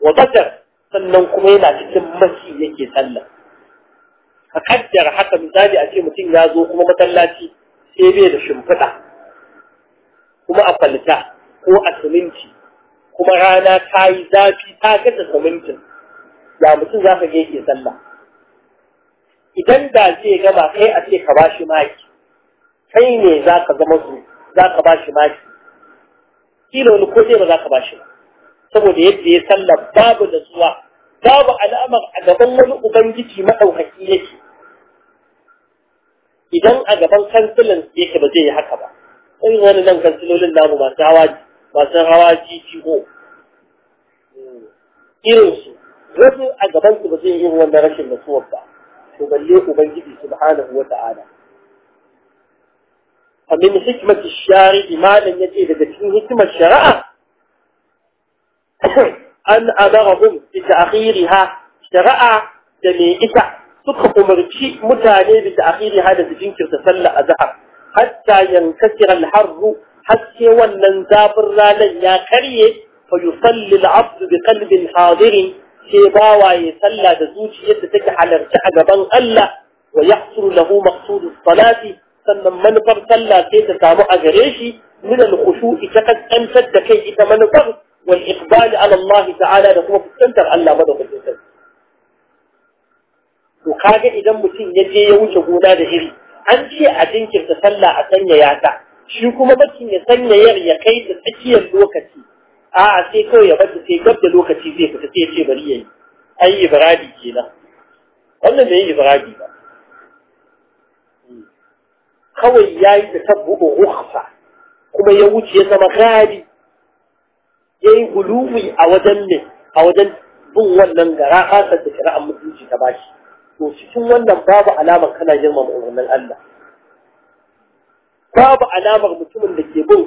A: wa badar sannan kuma yana cikin maci yake sallah ka kaddara haka misali a ce mutum ya zo kuma masallaci ebe da shimfiɗa kuma a kwalita ko a siminti kuma rana ta yi zafi ta gasa simintin ya mutum za ka ga yake sallah idan da zai gama kai a ce ka ba shi maki kai ne za ka zama su za ka ba shi maki kila wani ko ba za ka ba shi ba saboda yadda ya sallah babu da zuwa babu al'amar a gaban wani ubangiji maɗaukaki yake idan a gaban kansilan yake ba zai yi haka ba in wani nan kansilolin namu masu hawa masu hawa GTO irinsu wasu a gaban su ba zai yi wanda rashin nasuwar ba to balle ubangiji subhanahu wa ta'ala فمن حكمة الشارع ما لن يجد لكن حكمة الشرع أن shari'a da me ita suka umarci mutane bi akhiri hada da jinkir ta sallar azhar hatta yankasira al-harr hatta wannan zafin ranar ya karye fa yusalli al abd bi qalbin hadir sai bawa ya salla da zuciyar da take halarta a gaban Allah wa yahsulu lahu maqsud as salati sannan manufar salla sai ta samu a gare shi min al-khushu'i ta kaskantar da kai ita manufar wal iqbal ala Allah ta'ala da kuma fuskantar Allah madaukakin sarki to kaga idan mutum ya je ya wuce gona da iri an ce a jinkirta sallah a sanya yata shi kuma bakin ya sanya yar ya kai da tsakiyar lokaci a'a sai kawai ya bata sai gab da lokaci zai fita sai ya ce bari yayi ai ibradi kenan wannan bai ibradi ba kawai ya yi da tabbu rufa kuma ya wuce ya zama ya yi guluwi a wajen ne a wajen bin wannan gara kasar da shari'ar mutunci ta bashi to cikin wannan babu alamar kana girmama umarnin Allah babu alamar mutumin da ke bin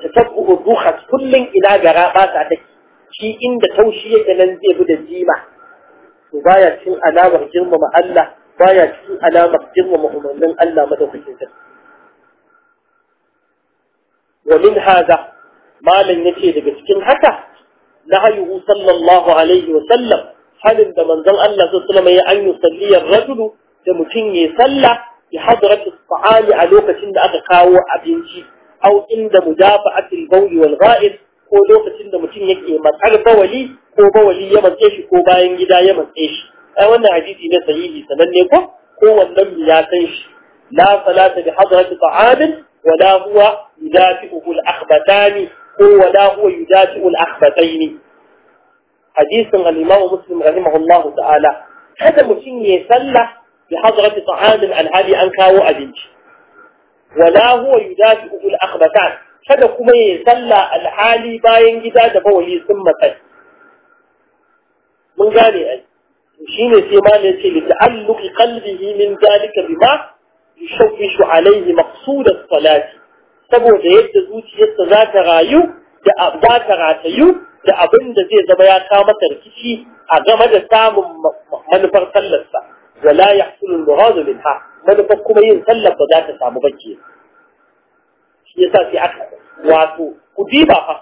A: ta tabbu duha kullun ila gara ba ta take shi inda taushi yake nan zai bi da jima to baya cikin alamar girmama Allah baya cikin alamar girmama umarnin Allah madaukakin sarki wa min hada malam yace daga cikin haka nahayuhu sallallahu alaihi wa sallam halin da manzon Allah sallallahu alaihi wasallam ya an yusalli ar-rajulu da mutum ya salla bi hadratis ta'ali a lokacin da aka kawo abinci aw inda mudafa'atil bawl wal gha'ib ko lokacin da mutum yake matsar bawali ko bawali ya matse shi ko bayan gida ya matse shi ai wannan hadisi ne sahihi sananne ko ko wannan ya san shi la salata bi hadrati ta'amin wala huwa yudafi'u al-akhbatani ko wala huwa yudafi'u al-akhbataini حديث عن الإمام مسلم رحمه الله تعالى هذا مسلم يسلى بحضرة طعام عن هذه أنكا وأبنج ولا هو يدافئه الأخبتان هذا كما يسلى الحالي باين جدا دفعه لي ثم تل من قال أي مشين سيمان يسي لتعلق قلبه من ذلك بما يشوفش عليه مقصود الصلاة سبو جهد تزوتي يتذاك غايو da za ta ratayu da abin da zai zama ya kawo masa rikici a game da samun manufar sallarsa wala yahsulul muradu minha manufar kuma yin sallar ba za ta samu bacci shi yasa sai aka wato ku diba fa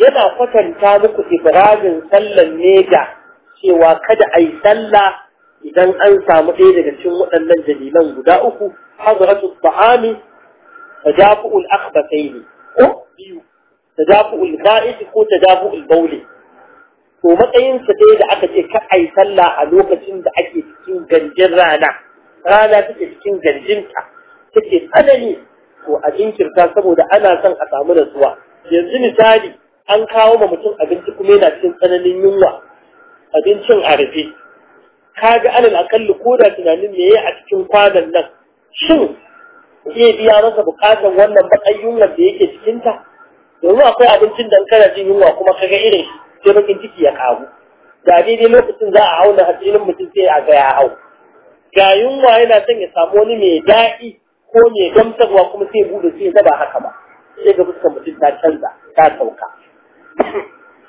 A: yana kwatanta muku ibrahim sallar ne cewa kada ayi yi sallah idan an samu ɗaya daga cikin waɗannan dalilan guda uku hazratu ta'ami tajafu'ul akhbatayni ko biyu dafu qa'id ko tadafu'ul bawli to matsayin sa da aka ce ka ai sallah a lokacin da ake cikin ganjin rana rana take cikin Ta take tsanani to a jinkirta saboda ana son a samu nasuwa yanzu misali an kawo ma mutum abinci kuma yana cikin tsananin yunwa abincin a rufe kaga alal akalli ko da tunanin me yayi a cikin kwanon nan shin zai biya masa bukatar wannan matsayin yunwar da yake cikinta Yanzu akwai abincin da jin yunwa kuma kaga irin shi sai bakin ciki ya karu ga daidai lokacin za a na hasilin mutum sai a ga ya hau ga yunwa yana son ya samu wani mai daɗi ko mai gamsarwa kuma sai bude sai ya haka ba sai ga fuskar mutum ta canza ta sauka *coughs*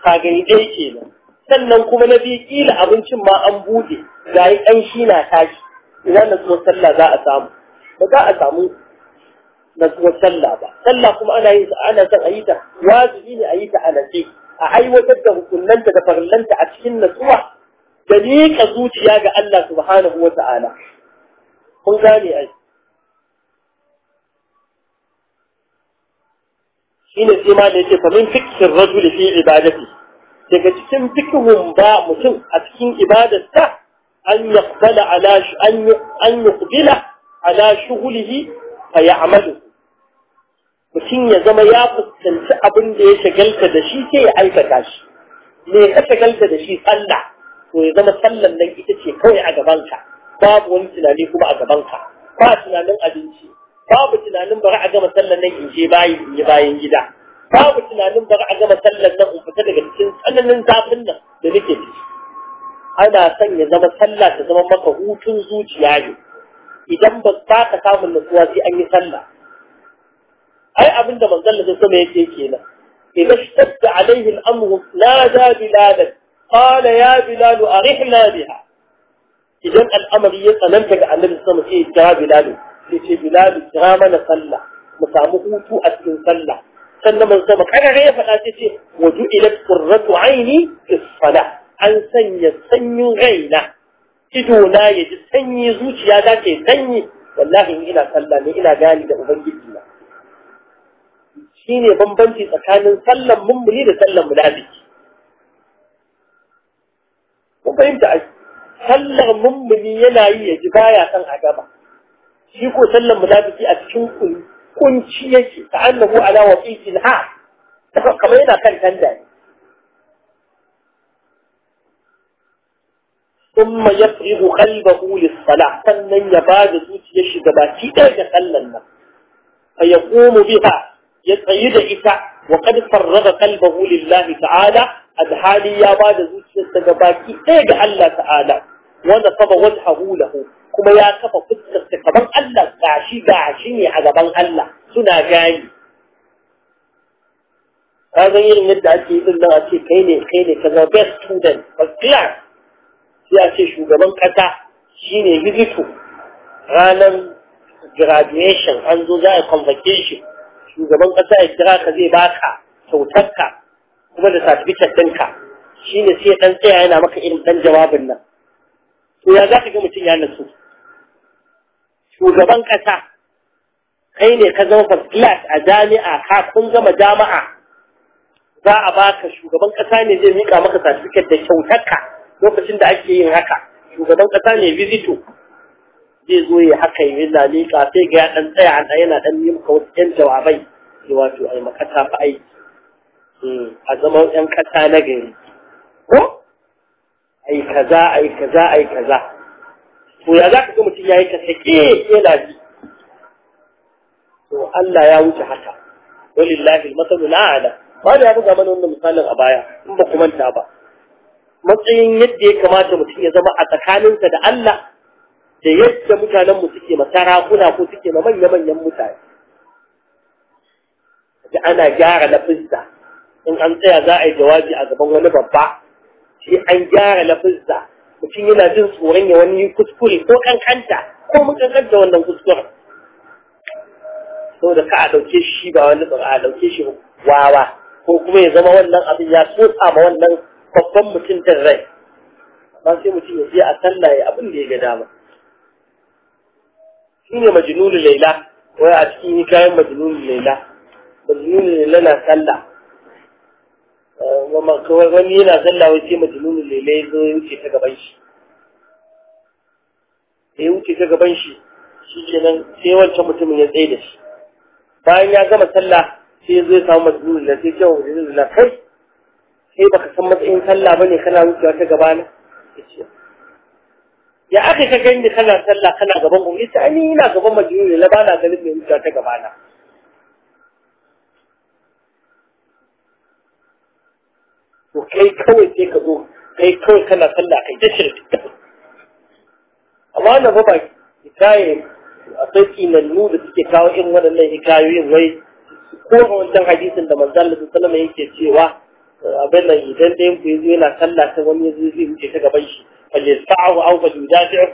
A: ka gani dai kenan sannan kuma na biyu kila abincin ma an bude ga yi ƙanshi na tashi ina na so sallah za a samu ba za a samu na kuma sallah ba sallah kuma ana yin ana san ayi ta wajibi ne ayi ta alaji a aiwatar da hukunnanta da farillanta a cikin natsuwa da miƙa zuciya ga Allah subhanahu wa ta'ala kun gane ai shine sai ma da yake fa min fikir rajul fi ibadati daga cikin fikihun ba mutum a cikin ibadarsa an yaqbala ala an yuqbila ala shughlihi fa ya'malu mutum ya zama ya fuskanci abin da ya shagalta da shi sai ya aikata shi me ka shagalta da shi sallah to ya zama sallan nan ita ce kawai a gabanka babu wani tunani kuma a gabanka ba tunanin abinci babu tunanin bari a gama sallan nan in je bayin in yi bayan gida babu tunanin bari a gama sallan nan in fita daga cikin tsananin zafin nan da nake ciki ana son ya zama sallah ta zama maka hutun zuciya ne idan ba ka samun nutsuwa sai an yi sallah ai abinda manzon da sama yake kenan idan shadda alaihi al-amru nada bilalan qala ya bilal arihna biha idan al'amari ya tsananta ga annabi sama sai ya kira bilal sai ce bilal kira mana sallah mu samu hutu a cikin sallah sannan manzon sama karare ya faɗa sai ce waju ila qurratu aini fi salah an sanya sanyin raina ido na ya ji sanyi zuciya ta ke sanyi wallahi ina sallah ne ina gani da ubangiji na shine bambanci tsakanin sallan mummuni da sallan munafiki ko fahimta ta sallan mummuni yana yi ya ji baya san adaba shi ko sallan munafiki a cikin kunci yake ta ta'allahu ala waqitil ha kamar yana kan tanda ثم يفرغ قلبه للصلاة فمن يباد زوجي يشد باكي دائما قلنا فيقوم بها ya tsayi da ita wa qad farraga qalbahu lillahi ta'ala alhali ya ba da zuciyarsa ga baki ɗaya ga Allah ta'ala wa nasaba wajhahu lahu kuma ya kafa fuskarsa kamar Allah gashi gashi ne a gaban Allah suna gani ka ga irin yadda ake yi din a ce kai ne kai ne ka zama best student first class sai a ce shugaban kasa shine hizito ranar graduation an zo za a convocation shugaban ƙasa ya kira ka zai baka kyautarka kuma da certificate ɗinka shine sai ɗan tsaya yana maka irin ɗan jawabin nan to ya za ka ga mutum ya nasu shugaban ƙasa kai ne ka zama first class a jami'a ka kun gama jami'a za a baka shugaban ƙasa ne zai miƙa maka certificate da kyautarka lokacin da ake yin haka shugaban ƙasa ne visito zai zo ya haka yi lalika sai ga ya ɗan tsaya an na ɗan yi maka wasu yan jawabai sai wato yi makata fa ai hmm, a zama ƴan kasa na gari ko ai kaza ai kaza ai kaza to ya zaka ga mutum ya yi ka sake yana lafi to Allah ya wuce haka walillahi al-masalu la'ala ba da ya buga mana wannan misalin a baya in ba ku manta ba matsayin yadda ya kamata mutum ya zama a tsakaninsa da Allah da yadda mutanen mu suke masarakuna ko suke ma manya-manyan mutane da ana gyara lafizza in an tsaya za a yi jawabi a gaban wani babba shi an gyara lafizza mutum yana jin tsoron ya wani kuskure ko kankanta ko mun kankanta wannan kuskuren saboda ka a ɗauke shi ba wani ba a ɗauke shi wawa ko kuma ya zama wannan abin ya tsotsa ma wannan babban mutum din rai ba sai mutum ya je a sallah ya abin da ya ga dama shine majnunul laila wai a cikin hikayen majnunul laila majnunul laila na sallah eh, amma kawai wani yana sallah wai sai majnunul laila ya zo ya wuce ta gaban shi ya wuce ta gaban shi shikenan sai wancan mutumin ya tsaye da shi bayan ya gama sallah sai ya zo ya samu majnunul laila sai ya majnunul laila kai Sai baka san matsayin sallah bane kana wucewa ta gabana ya ce ya aka ka gani kana sallah kana gaban mu yace ani ina gaban ne la bana ganin mai wuta ta gaba na to kai kawai sai ka zo kai kawai kana sallah kai ta shirki amma na ba ba hikaye akwai kimannu da suke kawo irin waɗannan hikayoyin wai ko a wancan hadisin da manzo Allah sallallahu alaihi yake cewa abin nan idan dai ku yazo yana sallah ta wani yazo zai wuce ta gaban shi فليدفعه أو فليدافعه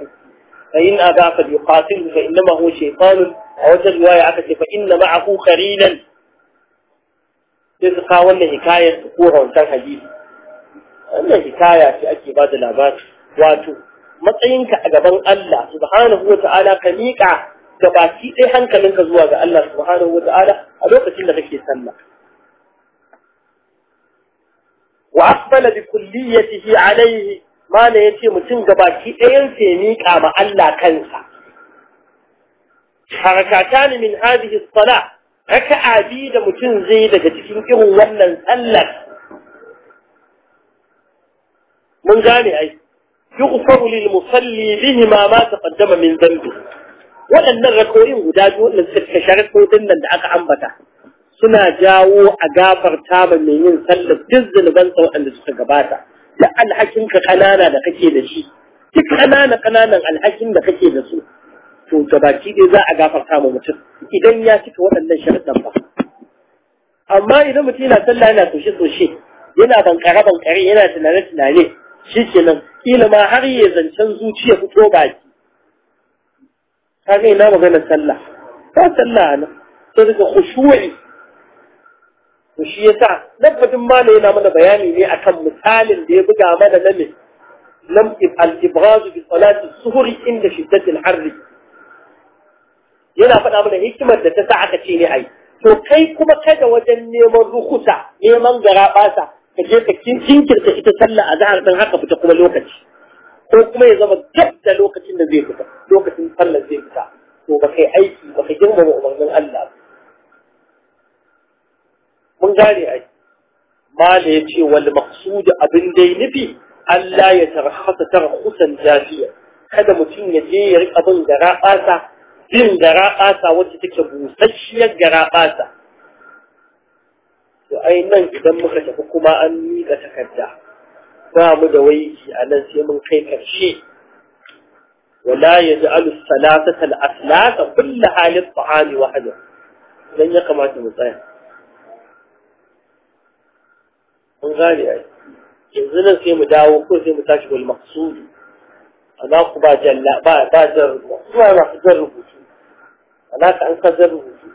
A: فإن أبا فليقاتله فإنما هو شيطان عجل ويعفت فإن معه خريلا تذكى وأن هكاية تقوها وانتان حديث أن هكاية في أكي بعد الأبات واتو ما تأينك أقبان الله سبحانه وتعالى كميكا تباكي إيهان كمنك زواج الله سبحانه وتعالى ألوك سلغ كيسانك وأقبل بكليته عليه mala ya ce mutum gabaki ɗayan ya miƙa ma Allah kansa harakatan min hadhihi as-salah abi da mutum zai daga cikin irin wannan tsallar? mun gane ai yughfaru lil musalli bihima ma taqaddama min dhanbi waɗannan rakoyin guda biyu waɗanda suka cika sharaɗoɗin nan da aka ambata suna jawo a gafarta ma mai yin sallar duk zunuban waɗanda suka gabata Da alhakin ka kanana da kake da shi duk ƙanana kananan alhakin da kake da su to ta baki dai za a gafarta mu mutum idan ya cika waɗannan sharuɗan ba amma idan mutum yana sallah yana toshe toshe yana bankare bankare yana tunane tunane kenan kila ma har ya zancen zuciya fito baki kaga ina magana sallah ba sallah nan sai daga khushu'i to shi yasa nan fa duk malai yana mana bayani ne akan misalin da ya buga mana na me lam al-ibghaz bi salati suhri inda shiddati al-harr yana faɗa mana hikimar da ta sa aka ce ne ai to kai kuma kada wajen neman rukusa neman garabasa ka je ka jinkirta ita sallah a zahar dan haka fita kuma lokaci ko kuma ya zama duk da lokacin da zai fita lokacin sallar zai fita to ba kai aiki ba ka girmama umarnin Allah mun gane ai mala yace wal maqsud abin dai nufi Allah ya tarhasa tarhusan jafiya kada mutum ya je ya rika bin garabasa bin garabasa wacce take busasshiyar garabasa to ai nan idan muka tafi kuma an miƙa takarda ba mu da waiki a nan sai mun kai karshe ولا يجعل الثلاثة الأثلاث كل حال الطعام وحده لن يقمع المطاعم kun gane ai yanzu nan sai mu dawo ko sai mu tashi wal maqsud ana ku ba jalla ba ba jar kuma na jar rubutu ana ka an ka jar rubutu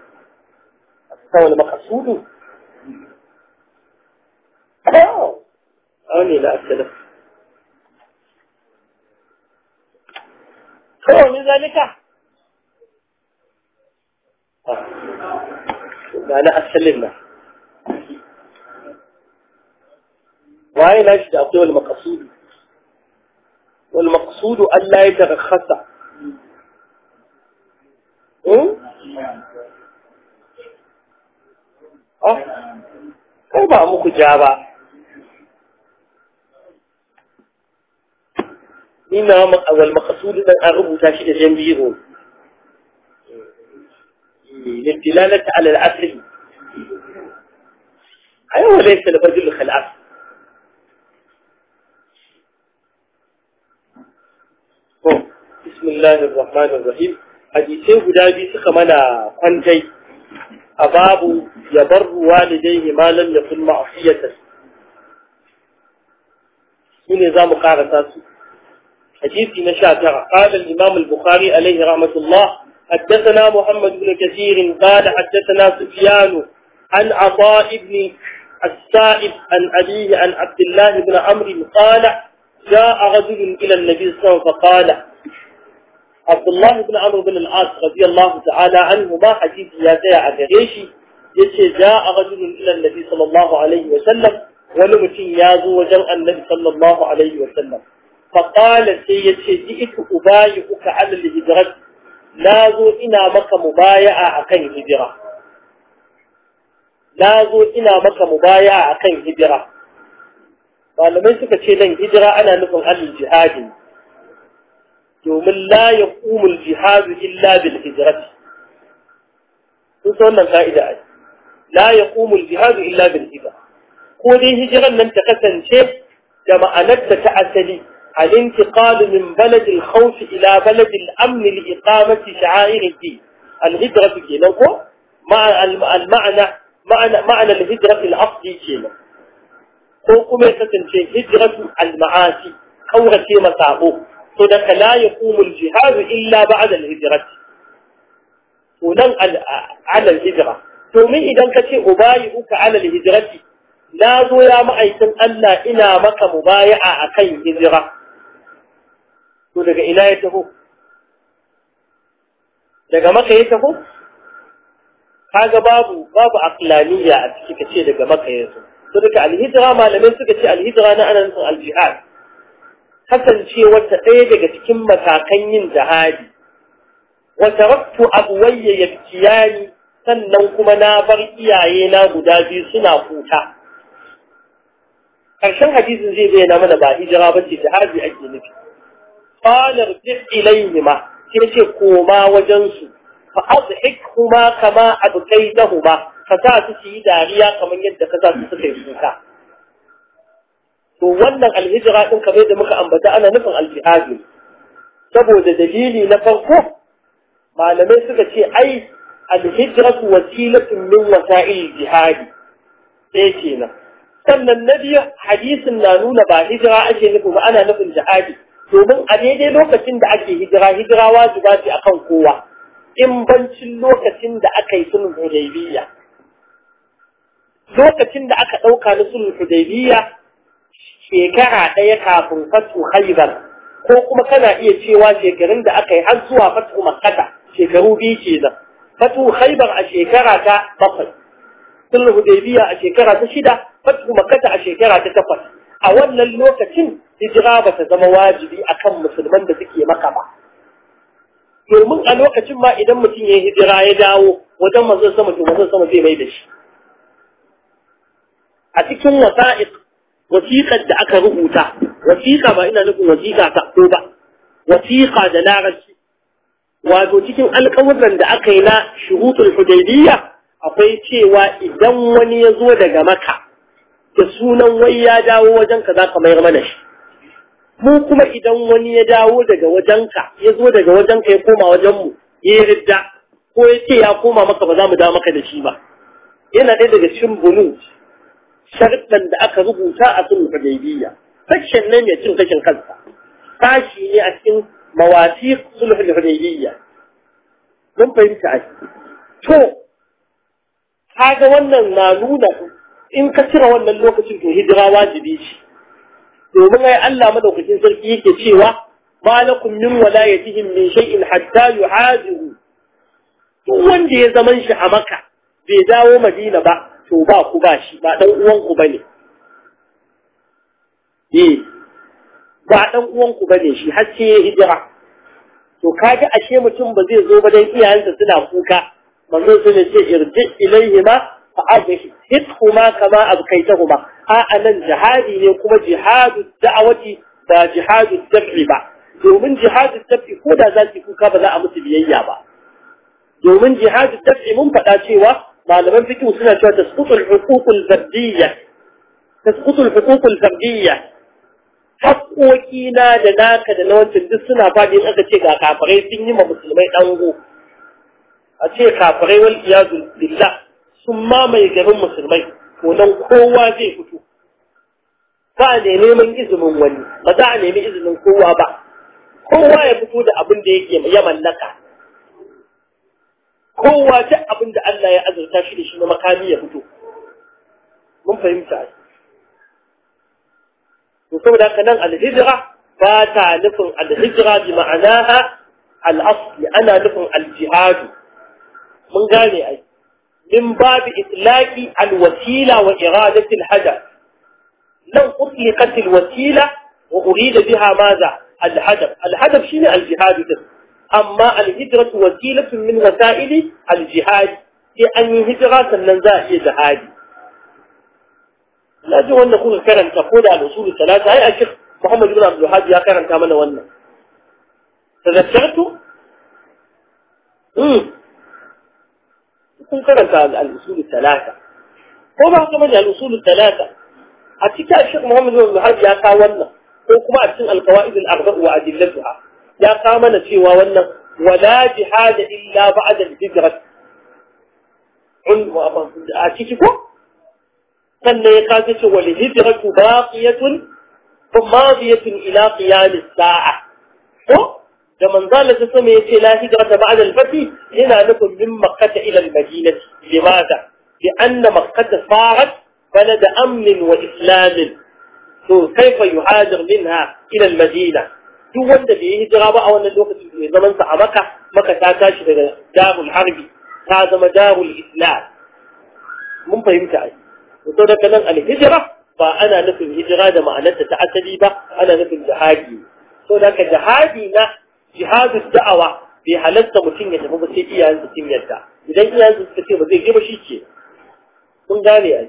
A: akan wal maqsud أولي لا أتلف هو من ذلك أنا أسلمنا waye na shi da akwai wal maqsudu wal maqsudu Allah ya tarakhasa ah hmm? oh, kai ba muku ja ba ina wal maqsudu dan an rubuta shi da jan biro للدلالة على العسل أيوة ليس البدل كالعسل بسم الله الرحمن الرحيم حديثين biyu suka mana kwantai أباب يبر والديه ما لم يكن معصية من نظام shine zamu karanta قال الإمام البخاري عليه رحمة الله حدثنا محمد بن كثير قال حدثنا سفيان عن عطاء بن السائب عن أبيه عن عبد الله بن عمرو قال جاء رجل إلى النبي صلى الله عليه وسلم فقال عبد الله بن عمرو بن العاص رضي الله تعالى عنه ما حديث يا تيا أجريشي يتي جاء رجل إلى النبي صلى الله عليه وسلم ولم ولمتين يازو وجل النبي صلى الله عليه وسلم فقال يتي جئت أبايعك على الهجرة لازو إنا مك مبايعة عكي هجرة لازو إنا مك مبايعة عكي هجرة قال لما ce شيئا هجرة انا nufin عن jihadi domin la ya ƙumul jihazu illa bil hijrati sun san wannan ka'ida ai la ya ƙumul jihazu illa bil hijra ko dai hijiran nan ta kasance da ma'anarta ta asali الانتقال من بلد الخوف إلى بلد الأمن لإقامة شعائر الدين الهجرة كينا مع المعنى معنى معنى الهجرة الأصلي كينا ko kuma ya kasance hijratu al-ma'asi kaurace masabo to da ka la yaqumu al-jihad illa ba'da al-hijrat to nan ala al domin idan kace ce ubayi uka ala al na zo ya ma'aikin Allah ina maka mubaya'a akan hijira to daga ina ya taho daga maka ya taho kaga babu babu aqlaniya a ciki kace daga maka ya daga malamin suka ce na al kasancewar ta ɗaya daga cikin matakan yin jihadi Wata wa taraktu abwayya kiyayi sannan kuma na bar iyaye na guda biyu suna kuta Ƙarshen hadisin zai bayyana mana ba hijira ce jihadi ake nufi qala irji' ma sai ce koma wajen su fa kuma kama abu kai huma ka sa su yi dariya kamar yadda ka sa su suka yi kuka to wannan alhijira ɗin kamar da muka ambata ana nufin aljihadi saboda dalili na farko malamai suka ce ai alhijratu wasilatun min wasa'il jihadi sai kenan sannan na biyu hadisin na nuna ba hijira ake nufi ba ana nufin jihadi domin a daidai lokacin da ake hijira hijira wajiba ce akan kowa in bancin lokacin da aka yi sulhul hudaybiyya lokacin da aka dauka na sulhul hudaybiyya shekara ɗaya kafin fatu haibar ko kuma kana iya cewa shekarun da aka yi har zuwa fatu makata shekaru biyu ke nan fatu haibar a shekara ta bakwai sulhu hudaybiya a shekara ta shida fatu makata a shekara ta takwas a wannan lokacin hijira ba ta zama wajibi akan musulman da suke maka ba domin a lokacin ma idan mutum ya hijira ya dawo wajen mazan sama to mazan sama zai mai da shi a cikin wasa'ik. wasiƙar da aka rubuta wasiƙa ba ina nufin wasiƙa ta ko ba wasiƙa da larabci wato cikin alƙawuran da aka yi na shurutul hudaybiyya akwai cewa idan wani ya zo daga maka da sunan wai ya dawo wajen ka za ka mayar mana shi mu kuma idan wani ya dawo daga wajen ka ya zo daga wajen ka ya koma wajen mu ya ridda ko ya ce ya koma maka ba za mu dawo maka da shi ba yana ɗaya daga cikin bunu sharuɗan da aka rubuta a sulhu hudaybiyya sashen ne ne cin sashen kansa shi ne a cikin mawasi sulhu hudaybiyya mun fahimta shi to kaga wannan na nuna in ka cire wannan lokacin to hijira wajibi shi domin ai Allah madaukakin sarki yake cewa malakum min walayatihim min shay'in hatta yuhajiru duk wanda ya zaman shi a makka bai dawo madina ba to ba ku ba shi ba dan uwan ku bane eh ba dan uwan ku bane shi har sai ya hijira to kaji ashe mutum ba zai zo ba dan iyayensa suna kuka manzo sun ce irji ilaihima fa azhi hithuma kama abkaitahuma a anan jihadi ne kuma jihadu da'awati ba jihadu daf'i ba domin jihadu daf'i ko da za su kuka ba za a musu biyayya ba domin jihadu daf'i mun faɗa cewa malaman fiqh suna cewa ta al hukukul al-fardiyya tasqutu al-huquq fardiyya haƙoƙi na da naka da na wancan duk suna faɗi aka ce ga kafirai sun yi ma musulmai ɗango a ce kafirai wal iyazu billah sun mamaye garin musulmai to nan kowa zai fito ba a neman izinin wani ba za a nemi izinin kowa ba kowa ya fito da abin da yake ya mallaka kowa duk abin da Allah ya azurta shi da shi na makami ya fito mun fahimta to saboda haka nan al-hijra ba ta nufin al-hijra bi ma'anaha al-asli ana nufin al-jihad mun gane ai min babu itlaqi al-wasila wa iradati al-hadath law utliqat al-wasila wa urida biha madha al-hadaf al-hadaf shine al-jihad din أما الهجرة وسيلة من وسائل الجهاد في أن يهجر سننزاء جهادي لازم أن نقول كرن تقول على الوصول الثلاثة هاي أشيخ محمد بن عبد الوهاب يا كرم كامل وانا تذكرته امم يكون كرن على الوصول الثلاثة هو ما أعتمد على الوصول الثلاثة أتيك الشيخ محمد بن عبد الوهاب يا كرن وانا وكما أتن القوائد الأغضاء وأدلتها يا قامنا في ولا ولا جهاد إلا بعد الهجرة علم أبان آتيكو كان يقاتش ولهجرة باقية ماضية إلى قيام الساعة فمن ظل تسمي إلى هجرة بعد الفتي هنا لكم من مكة إلى المدينة لماذا؟ لأن مكة صارت بلد أمن وإسلام كيف يهاجر منها إلى المدينة؟ duk wanda bai yi hijira ba a wannan lokaci bai zaman sa a maka maka ta tashi daga darul harbi ta zama darul islam mun fahimta ai to da kanan al-hijra ba ana nufin hijira da ma'anarta ta asali ba ana nufin jihadi to da ka jihadi na jihadu da'awa bai halarta mutum ya tafi ba sai iyayen sun yarda idan iyayen su ce ba zai je ba shi ke kun gane ai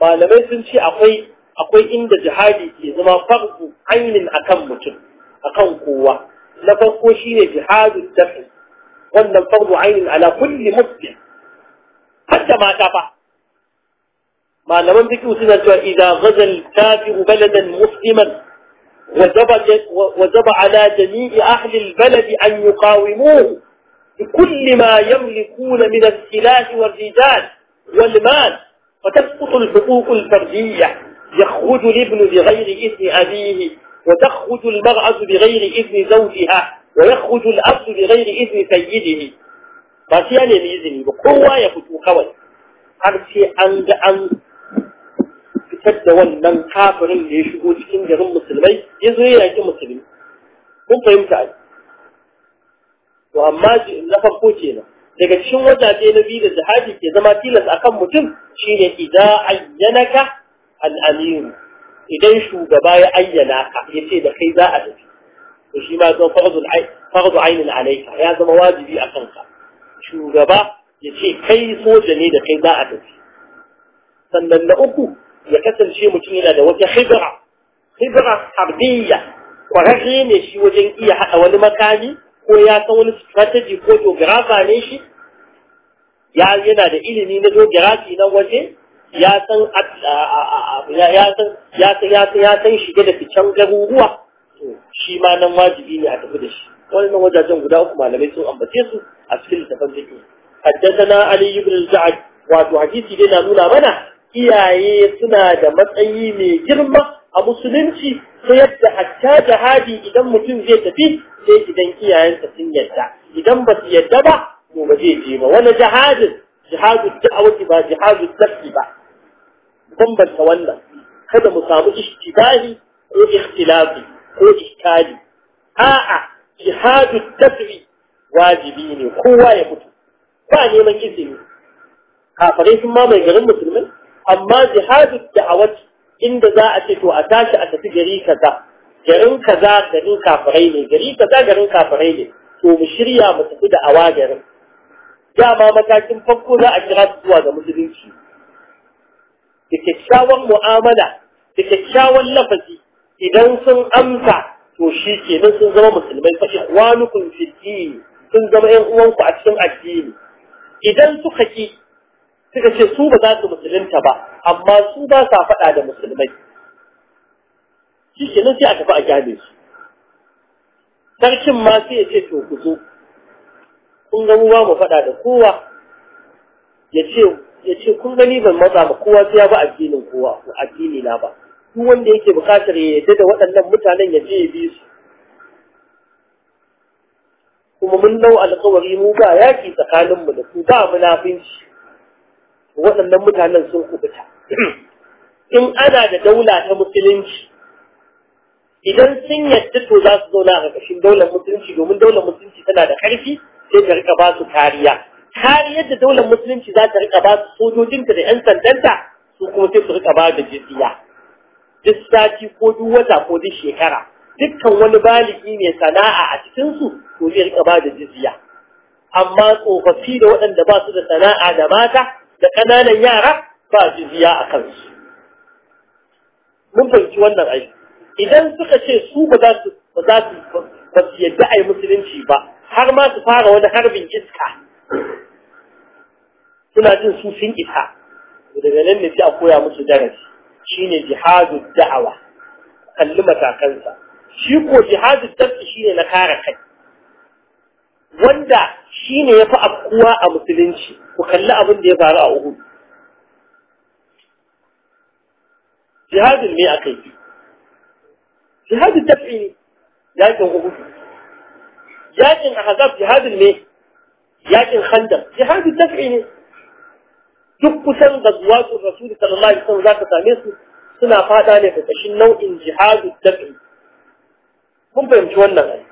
A: malamai sun ce akwai akwai inda jihadi ke zama farko ainin akan mutum akan kowa na farko shine jihadu dafi wannan farko ainin ala kulli muslim hadda mata fa malaman biki suna cewa idan ghazal kafir baladan musliman وجب على جميع أهل البلد أن يقاوموه بكل ما يملكون من السلاح والرجال والمال فتسقط الحقوق الفردية يخرج الابن بغير إذن أبيه وتخرج المرأة بغير إذن زوجها ويخرج الأب بغير إذن سيده فهي لم يعني بقوة يخطو خوال أرسي أنج أن تدوان من كافر ليشهود كن جرم مسلمي يزوي لك يعني مسلم كن فهمت عني وأما نفقوتينا لكن شو وجه دين بيد كي زماتي لس أقام مجم شين إذا عينك al'amiru idan shugaba ya ayyana ka ya ce da kai za a tafi to shi ma zan farzu ainin alaika ya zama wajibi a kanka shugaba ya ce kai soja ne da kai za a tafi sannan na uku ya kasance mutum yana da wata hibira hibira harbiyya kwararre ne shi wajen iya haɗa wani makami ko ya san wani strategy ko geographer ne shi ya yana da ilimi na geography na waje ya san ya san ya san da ficen garuruwa to shi ma nan wajibi ne a tafi da shi wannan wajajen guda uku malamai sun ambace su a cikin littafin fiqh haddathana ali ibn al-za'd wato hadisi dai na nuna mana iyaye suna da matsayi mai girma a musulunci ta yadda hatta jihadi idan mutum zai tafi sai idan iyayensa sun yadda idan ba su yadda ba to ba zai je ba wani jihadin jihadu da'awati ba jihadu tafi ba bambanta wannan kada mu samu ishtibahi ko ikhtilafi ko iskali a'a jihadu tafi wajibi ne kowa ya fito ba neman izini kafirai sun mamaye garin musulmin? amma jihadu da'awat inda za a ce to a tashi a tafi gari kaza garin kaza garin kafirai ne gari kaza garin kafirai ne to mu shirya mu tafi da awa garin dama matakin farko za a kira zuwa ga musulunci kyakkyawan mu'amala da kyakkyawan lafazi idan sun amsa to shi ke nan sun zama musulmai fa ikhwanukum fi din sun zama ƴan uwanku a cikin addini idan suka ki suka ce su ba za su musulunta ba amma su ba sa faɗa da musulmai shi ke nan sai a tafi a gane su sarkin ma sai ya ce to ku zo kun ga mu ba mu faɗa da kowa ya ce ya ce kun gani ban matsa ba kowa sai ya ba addinin kowa addini na ba duk wanda yake bukatar ya yarda da waɗannan mutanen ya je ya bi su kuma mun nau alƙawari mu ba yaƙi tsakanin mu da su ba munafinci waɗannan mutanen sun kubuta *clears throat* in ana da daula ta musulunci idan sun yadda to za su zauna a ƙarƙashin daular musulunci domin daular musulunci tana da ƙarfi sai ta riƙa ba su kariya kariyar yadda daular musulunci za ta rika ba su sojojinta da 'yan sandanta su kuma sai su rika ba da jizya duk sati ko duk wata ko duk shekara dukkan wani baligi mai sana'a a cikinsu to zai rika ba da jizya amma tsofaffi da waɗanda ba su da sana'a da mata da ƙananan yara ba jizya a kansu mun fahimci wannan aiki idan suka ce su ba za su ba su yadda a yi musulunci ba har ma su fara wani harbin iska suna jin su sun isa daga nan ne sai a koya musu darasi shine jihadu da'awa kalli matakansa shi ko jihadu shi shine na kare kai wanda shine yafi afkuwa a musulunci ku kalli abin da ya faru a Uhud jihadin ne akai jihadu tafi ne yakin Uhud yakin Ahzab jihadin ne يجن يعني خندق جهاد الدفع يعني دق سند ازواج الرسول صلى الله عليه وسلم ذاك تاميسي سنا فادا ne da kashin nau'in الدفع هم fahimci wannan ai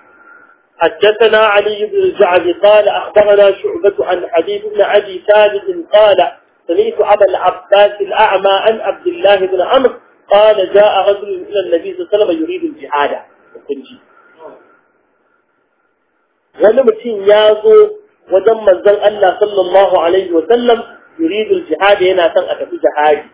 A: حدثنا علي بن الجعد قال اخبرنا شعبة عن حبيب بن ابي سالم قال سمعت ابا العباس الاعمى عن عبد الله بن عمرو قال جاء رجل الى النبي صلى الله عليه وسلم يريد الجهاد آه. ومتين يازو wajen manzon Allah sallallahu alaihi wa sallam yuridu al-jihad yana son a tafi jihadi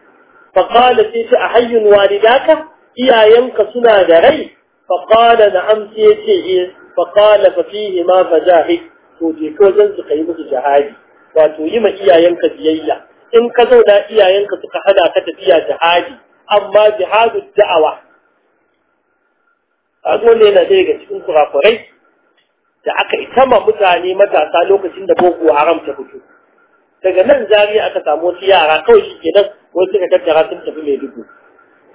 A: fa qala sai ta ahayyun walidaka iyayenka suna da rai fa qala na'am sai yace eh fa qala fa fihi ma fajahid to je ko zan su kai musu jihadi wato yi ma iyayenka biyayya in ka zauna iyayenka suka hada ka tafiya jihadi amma jihadu da'awa a dole yana ɗaya ga cikin kurakurai da aka itama mutane matasa lokacin da boko haram ta fito daga nan zari aka samu wasu yara kawai shi ke nan wasu suka tattara sun tafi mai dubu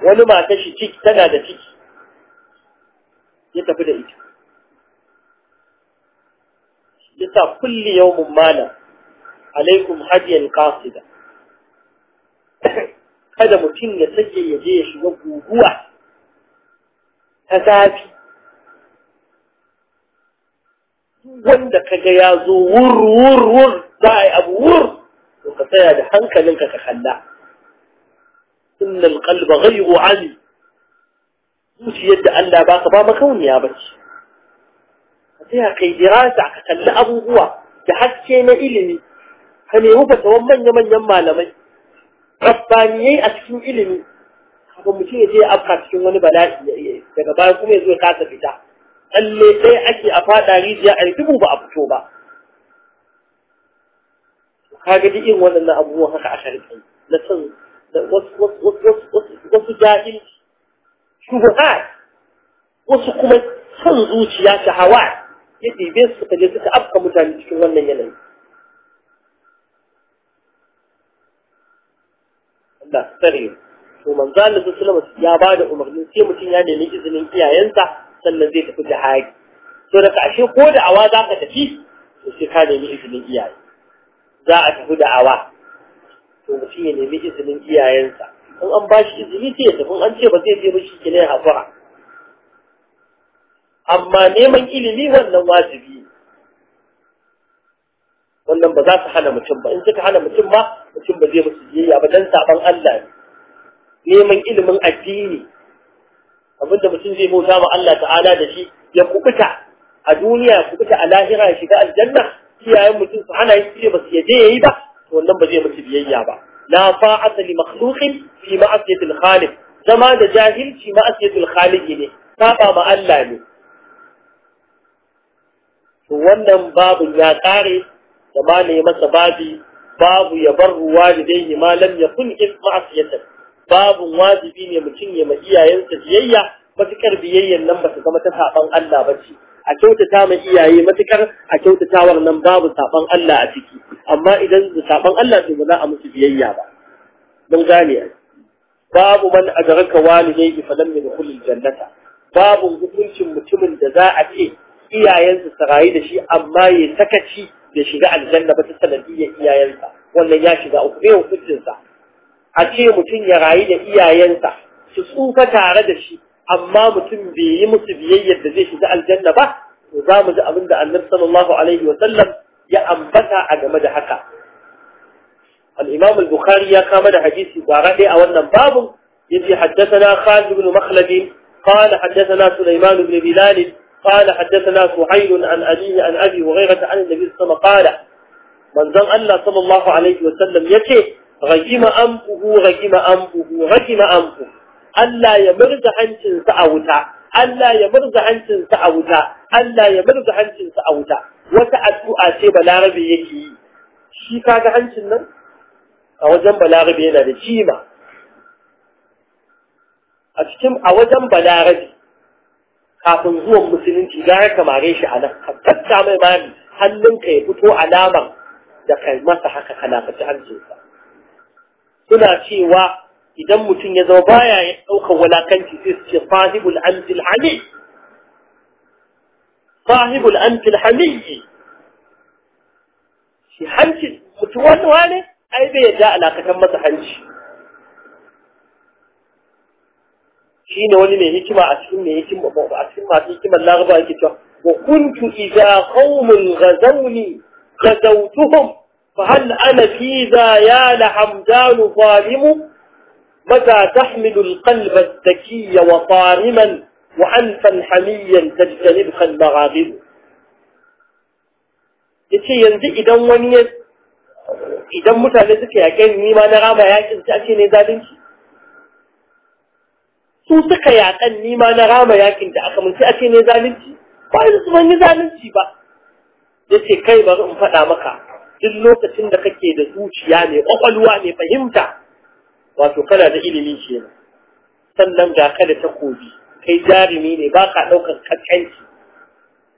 A: wani mata shi ciki tana da ciki ya tafi da ita yasa kulli yawmin mana alaikum hajiyar kasida kada mutum ya sake ya je ya shiga guguwa ta zafi wanda ga ya zo wur za a yi abu wur to ka tsaya da hankalinka ka kalla inna alqalba ghayru ali zuciyar da Allah baka ba makauniya bace ka tsaya kai dirasa ka kalli abubuwa da haske na ilimi ka nemi tsawon manya-manyan malamai rabbaniyai a cikin ilimi kafin mutum ya je afka cikin wani bala'i daga baya kuma ya zo ya kasa fita tsalle ɗaya ake a faɗa rijiya a dubu ba a fito ba ka ga irin waɗannan abubuwan haka a shari'a na san wasu jahil shubuhat wasu kuma san zuciya ta hawa ya ɗebe su kaje suka afka mutane cikin wannan yanayi da tsare to manzo Allah sallallahu alaihi wasallam ya bada umarni sai mutum ya nemi izinin iyayensa sannan zai tafi jihadi So da kashe ko da awa za ka tafi to sai ka nemi izinin iyaye za a tafi da awa to mutum ya nemi izinin iyayensa in an ba shi izini sai ya tafi an ce ba zai je ba shi kenan hakura amma neman ilimi wannan wajibi wannan ba za su hana mutum ba in suka hana mutum ba mutum ba zai musu biyayya ba dan saban Allah ne neman ilimin addini abinda mutum zai bauta ma Allah ta'ala da shi ya kubuta a duniya ya kubuta a lahira ya shiga aljanna kiyayen mutum su hana yi ba su yaje yayi ba to wannan ba zai mutu biyayya ba la fa'ata li makhluqin fi ma'asiyati al-khaliq zama da jahilci ma'asiyati al-khaliq ne saba ma Allah ne to wannan babu ya kare da ma ne masa babi babu ya bar ruwa da dai ma lam yakun isma'asiyatan babin wajibi ne mutum ya ma iyayensa biyayya matukar biyayyan nan ba su zama ta saban Allah ba ce a kyautata ma iyaye matukar a kyautatawar nan babu saban Allah a ciki amma idan da saban Allah to ba za a musu biyayya ba mun gane babu man adraka walidayhi falam yadkhul Jannata. babu hukuncin mutumin da za a ce iyayensa su rayu da shi amma ya sakaci da shiga aljanna ba ta sanadiyyar iyayensa wannan ya shiga uku ne hukuncinsa a ce mutum ya rayu da iyayensa su tsufa tare da shi amma mutum bai yi musu biyayya da zai shiga aljanna ba to za mu ji abin da annabi sallallahu alaihi wa sallam ya ambata a game da haka al-imam al-bukhari ya kama da hadisi gara dai a wannan babu yace haddathana Khalid ibn Makhlad قال حدثنا سليمان بن بلال قال حدثنا سهيل عن أبيه عن أبي هريرة عن النبي صلى الله عليه وسلم قال من ذن الله صلى الله عليه وسلم يكي ragima buhu, ragima buhu, ragima buhu. Allah ya murza hancinsa a wuta Allah ya murza hancinsa a wuta Allah ya murza hancinsa a wuta wata addu'a ce balarabe yake yi shi kaga hancin nan a wajen balarabe yana da kima a cikin a wajen balarabe kafin zuwan musulunci gara kamare shi a nan tatta mai mami hannunka ya fito alamar da kai masa haka kana fata hancinsa suna cewa idan mutum ya zama baya ya ɗaukar walakanci sai su ce sahibul amsil hamid sahibul amsil hamid shi hanci mutum wani wane ai bai yadda alakatan masa hanci shi ne wani mai hikima a cikin mai hikima a cikin masu hikimar laraba yake cewa wa kuntu idza qaumun ghazawni ghazawtuhum فهل أنا في ذا يا لحمدان ظالم متى تحمل القلب الذكي وطارما وأنفا حميا تجتنبها المغاضب yace yanzu idan wani ya idan mutane suka yaƙe ni ma na rama yaƙin ta ce ne zalunci su suka yaƙan ni ma na rama yaƙin da aka mun sai a ce ne zalunci ba su ban yi zalunci ba yace kai bari in faɗa maka duk lokacin da kake da zuciya mai kwakwalwa mai fahimta wato kana da ilimi kenan sannan ga ka da takobi kai jarumi ne ba ka ɗaukar kankanci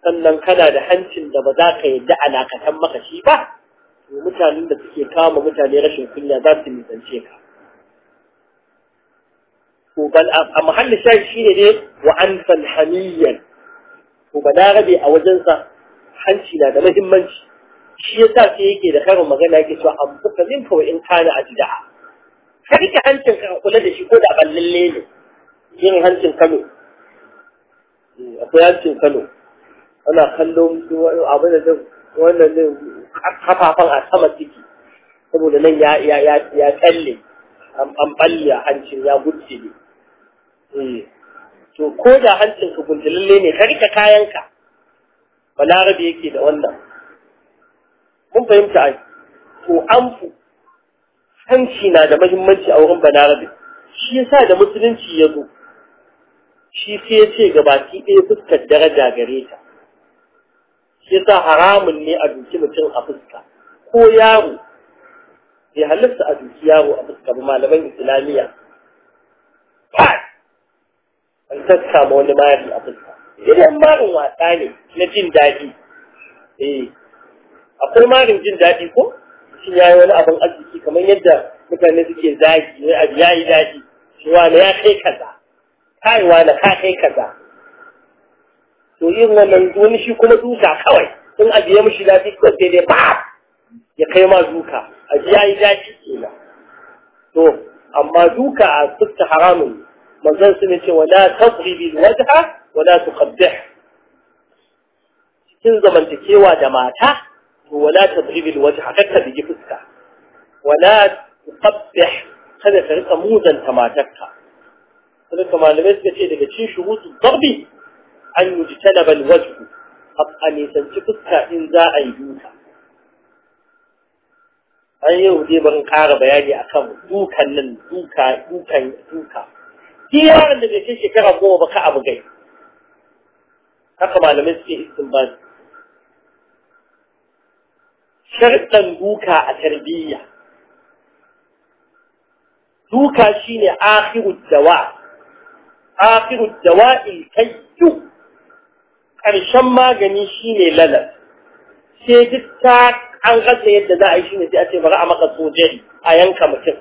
A: sannan kana da hancin da ba za ka yadda alakatan maka shi ba to mutanen da suke kama mutane rashin kunya za su nisance ka to bal a mahallin shayi shine ne wa hamiyan to balarabe a wajensa hanci na da muhimmanci shi ya sa sai yake da karin magana yake cewa an fuka min kawai in kana ajda'a ka rike hancin ka kula da shi ko da ban lalle ne yin hancin Kano eh, akwai hancin Kano ana kallon abu da wannan ne kafafan a sama ciki saboda nan ya ya tsalle an balle hancin ya gudjile ne eh, to ko da hancin ka lalle ne ka rike kayanka balarabe yake da wannan mun fahimta ai to anfu hanci na da muhimmanci a wurin banarabe shi yasa da musulunci ya zo shi sai ya ce gabaki ɗaya fuskar daraja gare ta shi yasa haramun ne a duki mutum a fuska ko yaro bai halarta a duki yaro a fuska ba malaman islamiyya an tattama wani mari a fuska idan marin wasa ne na jin daɗi eh akwai marin jin daɗi ko shi ya yi wani abin arziki kamar yadda mutane suke zagi ne abu ya yi daɗi cewa na ya kai kaza kaiwa na ka kai kaza to irin wannan wani shi kuma duka kawai in abu ya mishi daɗi ko sai dai ba ya kai ma duka abu ya yi daɗi kenan to amma duka a fuska haramun manzon su ne cewa la tadribi alwajha wa la tuqabbih cikin zamantakewa da mata ولا تضرب الوجه حتى بيجي فسكا ولا تقبح هذا فرقة موزا تماتكا فرقة ما لمس بشيء لك شيء شهوز الضربي أن يجتنب الوجه قد أن يسنش فسكا إن ذا أيدوكا أن يهدي من كار بياني أكام دوكا لن دوكا دوكا دوكا كي يعني لك شيء شكرا مو بكا أبغي فرقة ما لمس بشيء استنباز sharɗan duka a tarbiyya duka shi shine akhirud dawa in dawa yi, ƙarshen magani shi ne lalar, sai duk ta an rasa yadda za a yi shine sai a ce bari a maka sojari a yanka mutum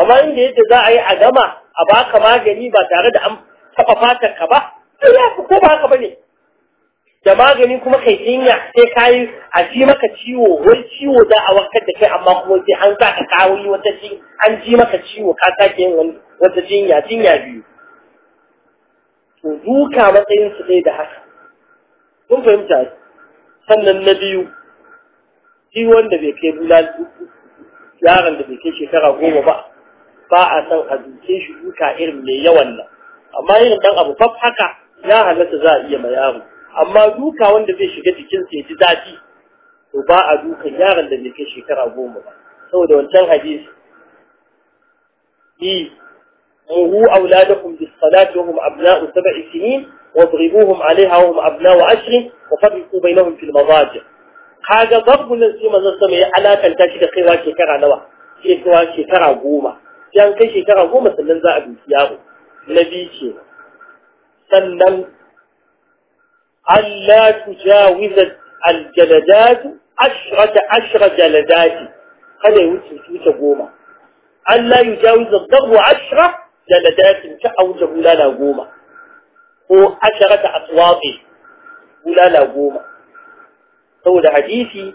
A: amma inda yadda za a yi a gama a baka magani ba tare da an taɓa fatar ka ba sai ya fi ko ba haka ba ne da magani kuma kai jinya sai ka a ji maka ciwo wai ciwo da a wakar da kai amma kuma sai an za ka kawo yi wata ji an ji maka ciwo ka sake yin wata jinya jinya biyu to duka matsayin su dai da haka kun fahimta sannan na biyu shi wanda bai kai bulal yaron da bai kai shekara goma ba ba a san a duke shi duka irin mai yawan nan amma irin dan abu fa haka ya halatta za a iya ma yaro amma duka wanda zai shiga jikin sa ya ji daɗi to ba a duka yaron da bai kai shekara goma ba saboda wancan hadisi yi muhu auladakum bis salati wa hum abna'u sab'i sinin wa hum abna'u أبناء wa وفرقوا bainahum fil المضاجع kaga babu nan sai manzon sama ta alakanta shi da kaiwa shekara nawa kaiwa shekara goma sai an kai shekara goma sannan za a duki yaro na biyu ke sannan ألا تجاوز الجلدات عشرة عشرة جلدات هل يوجد جوما ألا يجاوز الضرب عشرة جلدات كأوجه هلالا جوما هو عشرة أصواته هلالا جوما هو الحديثي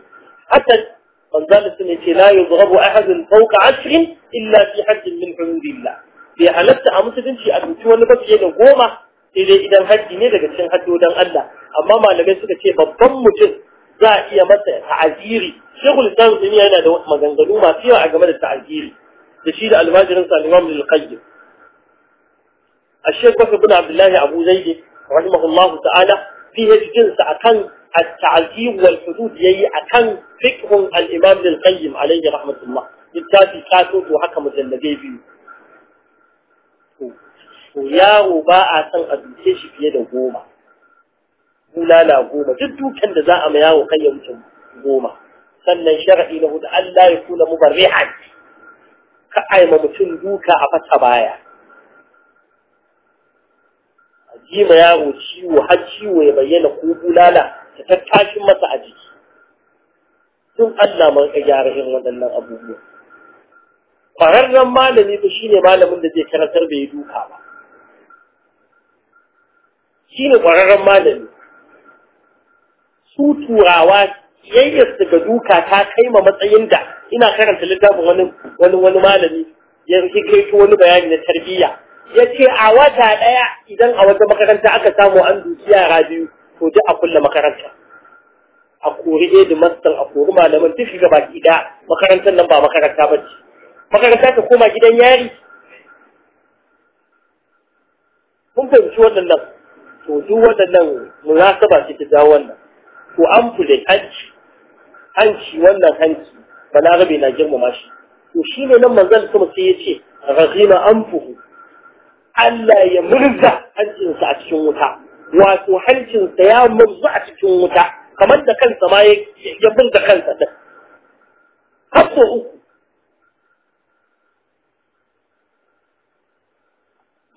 A: حتى فنزال سنة لا يضرب أحد فوق عشر إلا في حد من حمود الله في حالة أمسة تنشي أدوتي ونبطي يدو قومة إذا إذا هدي ميدك تشين حدو دان الله amma malamai suka ce babban mutum za a iya masa ta'aziri shekul islam zuniya yana da maganganu masu yawa a game da ta'aziri da shi da almajirin sa imam lil qayyim الشيخ بكر بن عبد الله أبو زيد رحمه الله تعالى فيه الجنس أكن التعذيب والحدود يي أكن فكر الإمام للقيم عليه رحمة الله littafi ta so to haka mujallabe biyu to yaro ba a san a duke shi fiye da goma bulala goma duk dukan da za a ma yawo kai ya goma sannan shar'i na hudu Allah ya kula mubarrihan ka aima mutum duka a fata baya a ji ma yaro ciwo har ciwo ya bayyana ko bulala ta tattashin masa a jiki tun Allah man ka gyara irin waɗannan abubuwa kwararren malami ba shine malamin da zai karantar bai duka ba shine kwararren malami su turawa yayyar daga duka ta kai ma matsayin da ina karanta littafin wani wani wani malami ya kai wani bayani na tarbiyya ya ce a wata ɗaya idan a wata makaranta aka samu an duki yara biyu to ji a kulle makaranta a kori headmaster a kori malaman duk shiga baki ɗaya makarantar nan ba makaranta ba ce makaranta ta koma gidan yari mun fahimci waɗannan to duk waɗannan munasaba ce ta dawo wannan ko amfulin hanci hanci wannan hanci balarabe na girmama shi to shi ne nan manzan kuma sai ya ce rahima amfuhu Allah ya murza hancinsa a cikin wuta wato hancinsa ya murza a cikin wuta kamar da kansa ma ya bunta kansa din hakko uku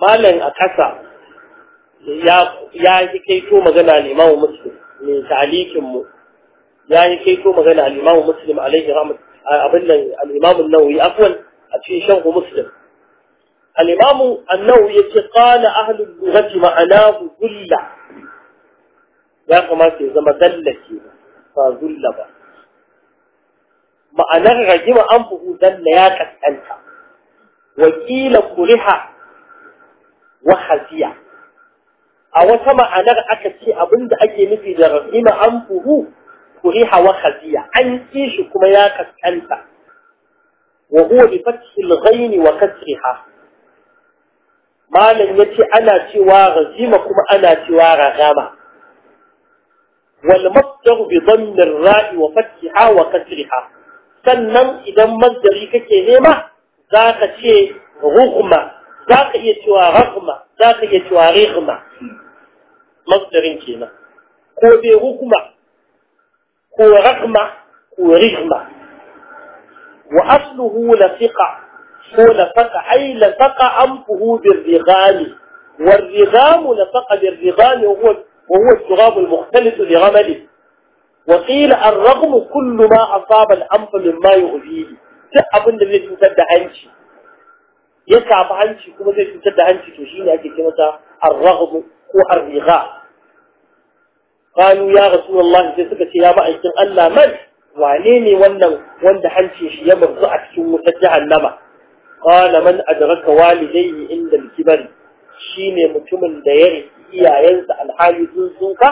A: malam a ƙasa ya ya kai to magana mu من تعليقمو يعني كيفو مغنى الإمام مسلم عليه رحمة آه، أبنى الإمام النووي أفول في شوق مسلم الإمام النووي قال أهل اللغة معناه ذلة يا خماسي إذا ما ذلك فذلة معناه رجيم أنفه ذلة يا كتلتا وكيل قرحة وخزيه a wata ma'anar aka ce abinda ake nufi da rahima an buhu kuri hawa khaziya an ci shi kuma ya kaskanta wa huwa bi fathi al wa kasriha malam yace ana cewa razima kuma ana cewa ragama wal masdar bi dhamm ar-ra'i wa fathiha wa kasriha sannan idan masdari kake nema zaka ce rughma ذاك يتوا رغم ذاك يتوا رغم مصدرين كنا كوبي رغم كو رغم كو رغم وأصله لفقة هو لفقة أي لفقة أنفه بالرغام والرغام لفقة بالرغام وهو, وهو التراب المختلط لرمله وقيل الرغم كل ما أصاب الأنف مما يؤذيه تأبن الذي تتدعنش ya kafa hanci kuma zai cutar da hanci to shine ake ce masa ar-raghb ko ar-righa qalu ya rasulullah sai suka ce ya ma'aikin Allah man wane ne wannan wanda hanci shi ya barzu a cikin wutar jahannama qala man adraka walidayhi inda al shine mutumin da ya riki iyayensa alhali sun sunka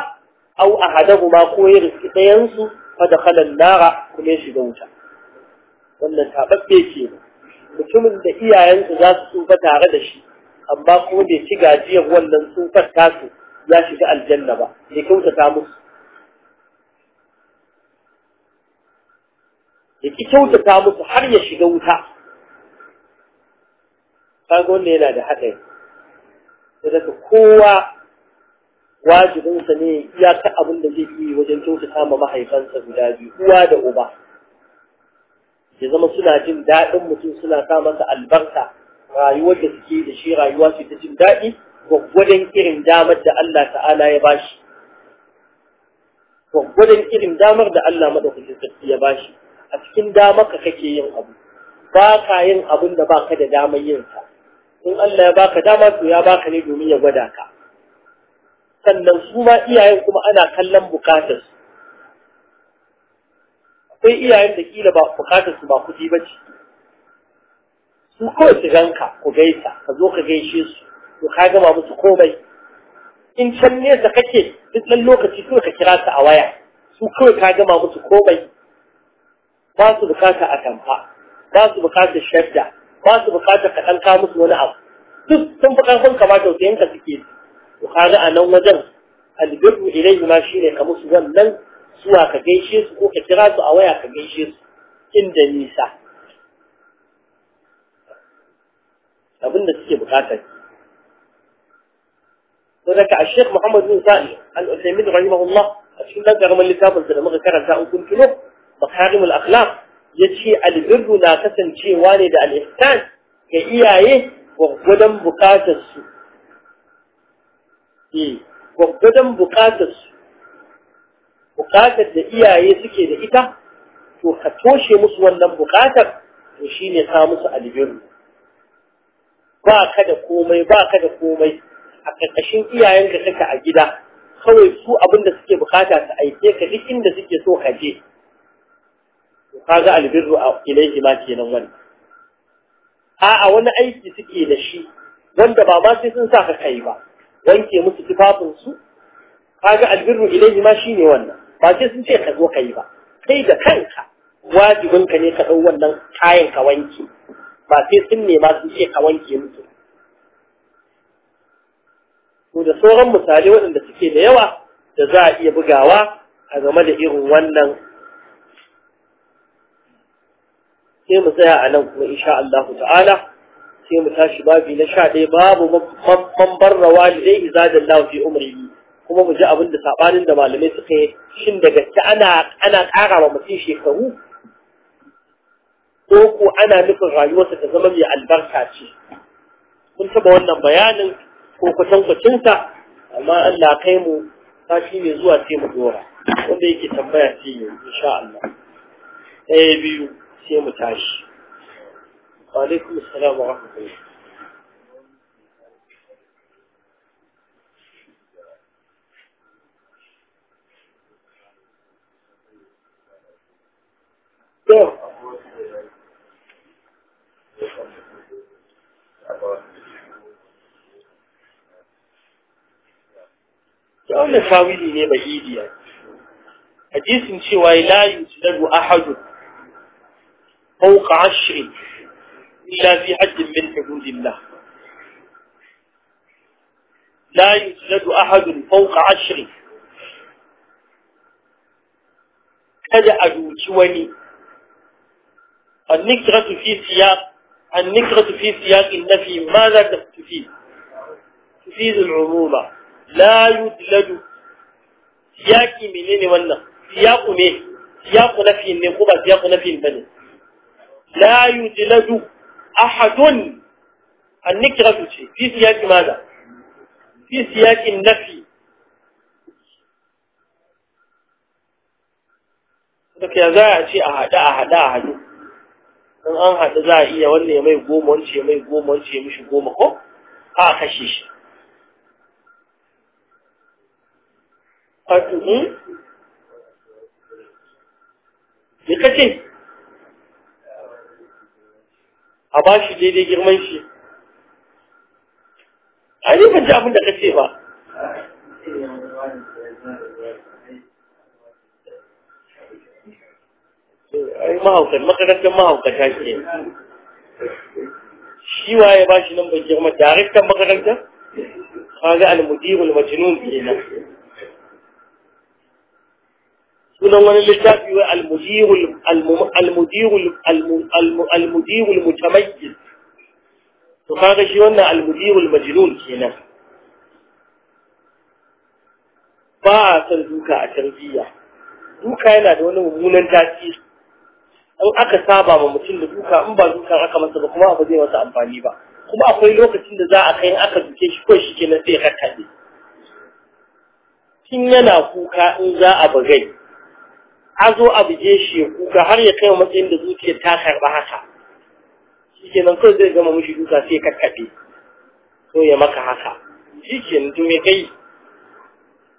A: aw ahadahuma ko ya riki ɗayansu fa dakhala an-nara kuma ya shiga wuta wannan tababbe kenan mutumin da iyayensa za su tsufa tare da shi amma kuma bai ci gajiyar wannan tsufar tasu ya shiga aljanna ba bai kyautata musu ya ki kyautata musu har ya shiga wuta kaga wanda yana da haɗari daga kowa wajibinsa ne ya ta abin da zai yi wajen kyautata ma mahaifansa guda biyu uwa da uba ya zama suna jin daɗin mutum suna sa masa albarka rayuwar da suke da shi rayuwa ce ta jin daɗi gwaggwadon irin damar da Allah ta'ala ya bashi gwaggwadon irin damar da Allah madaukakin sarki ya bashi a cikin damar ka kake yin abu ba ka yin abin da ba ka da damar yin sa in Allah ya baka dama to ya baka ne domin ya gwada ka sannan su ma iyayen kuma ana kallon bukatarsu sai iyayen da kila ba bukatar su ba kuɗi ba ce su kawai su ganka ku gaisa ka zo ka gaishe su to ka gama musu komai in can nesa kake duk ɗan lokaci kawai ka kira su a waya su kawai ka gama musu komai ba su bukata a tamfa ba su bukatar shadda ba su bukatar ka ɗan kawo musu wani abu duk sun fi ƙarfin ka ba tausayin yanka suke to ka ga a nan wajen albirru ilaihi ma shine ka musu wannan suwa ka gaishe su ko ka kira su a waya ka gaishe su da nisa abinda suke bukatar su daga a sheik muhammad bin sa'i al-usaimin rahimahullah a cikin dangarmar littafin da muka karanta a hukun kilo bakarim al-akhlaq ya ce albirru na kasancewa ne da al-ihsan ga iyaye gwaggwadon bukatar su su buƙatar da iyaye suke da ita to ka toshe musu wannan buƙatar to shi ne ka musu albiru ba ka da komai ba ka da komai a ƙarƙashin iyayenka kake a gida kawai su abin da suke buƙata su aike ka duk inda suke so ka je to kaga albirru a ilaihi ma kenan wani a'a wani aiki suke da shi wanda ba ma sai sun sa ka kai ba wanke musu tufafinsu Ka kaga albirru ilaihi ma ne wannan ba ce sun ce ka zo ka yi ba sai da kanka wajibinka ne ka ɗau wannan kayan ka wanke ba sai sun nema sun ce ka wanke musu to da sauran misalai waɗanda suke da yawa da za a iya bugawa a game da irin wannan sai mu tsaya a nan kuma insha Allah ta'ala sai mu tashi babi na sha ɗaya babu rawa da walidai izadallahu fi umarni. kuma mu ji abin da sabanin da malamai suka yi shin da gaske ana ana ƙara wa mutum shekaru ko ko ana nufin rayuwarsa ta zama mai albarka ce mun taba wannan bayanin ko kwacinta amma Allah kai mu sashi ne zuwa sai mu dora wanda yake tambaya ce insha Allah ɗaya biyu sai mu tashi alaikum as-salam wa rahmatullah ده ya wannan tawili ne bahidiya hadisin cewa la yujladu ahadun فوق عشر إلا في حد من حدود الله لا يجلد أحد فوق عشر kada a duci wani النكرة في سياق النكرة في سياق النفي ماذا تفيد تفيد العمومة لا يدلج سياق منين ولا سياق منين سياق نفي النقوبة سياق نفي البني لا يدلج أحد النكرة في سياق ماذا في سياق النفي لك يا ذا شيء أحد أحد أحد in an haɗu za a iya wannan ya mai goma wance ya mai goma wance ya mishi goma ko a kashe shi hmm? me kace a ba shi daidai girman shi a ban ji abin da kace ba ai mahaukar makarantar mahaukata ke shi waye ba shi nan ban girma daraktan makarantar kaga al-mudirul majnun kenan sunan wani littafi wai al-mudirul al-mudirul al-mudirul mutamayyiz to kaga shi wannan al-mudirul majnun kenan ba a san duka a tarbiyya duka yana da wani mummunan tasiri in aka saba ma mutum da duka in ba dukan aka masa ba kuma ba zai masa amfani ba kuma akwai lokacin da za a kai in aka duke shi ko shi na sai haka ne kin yana kuka in za a bugai a zo a buge shi ya kuka har ya kai matsayin da zuciyar ta karɓa haka shi kawai zai gama mushi duka sai ka so ya maka haka shi kenan to me kai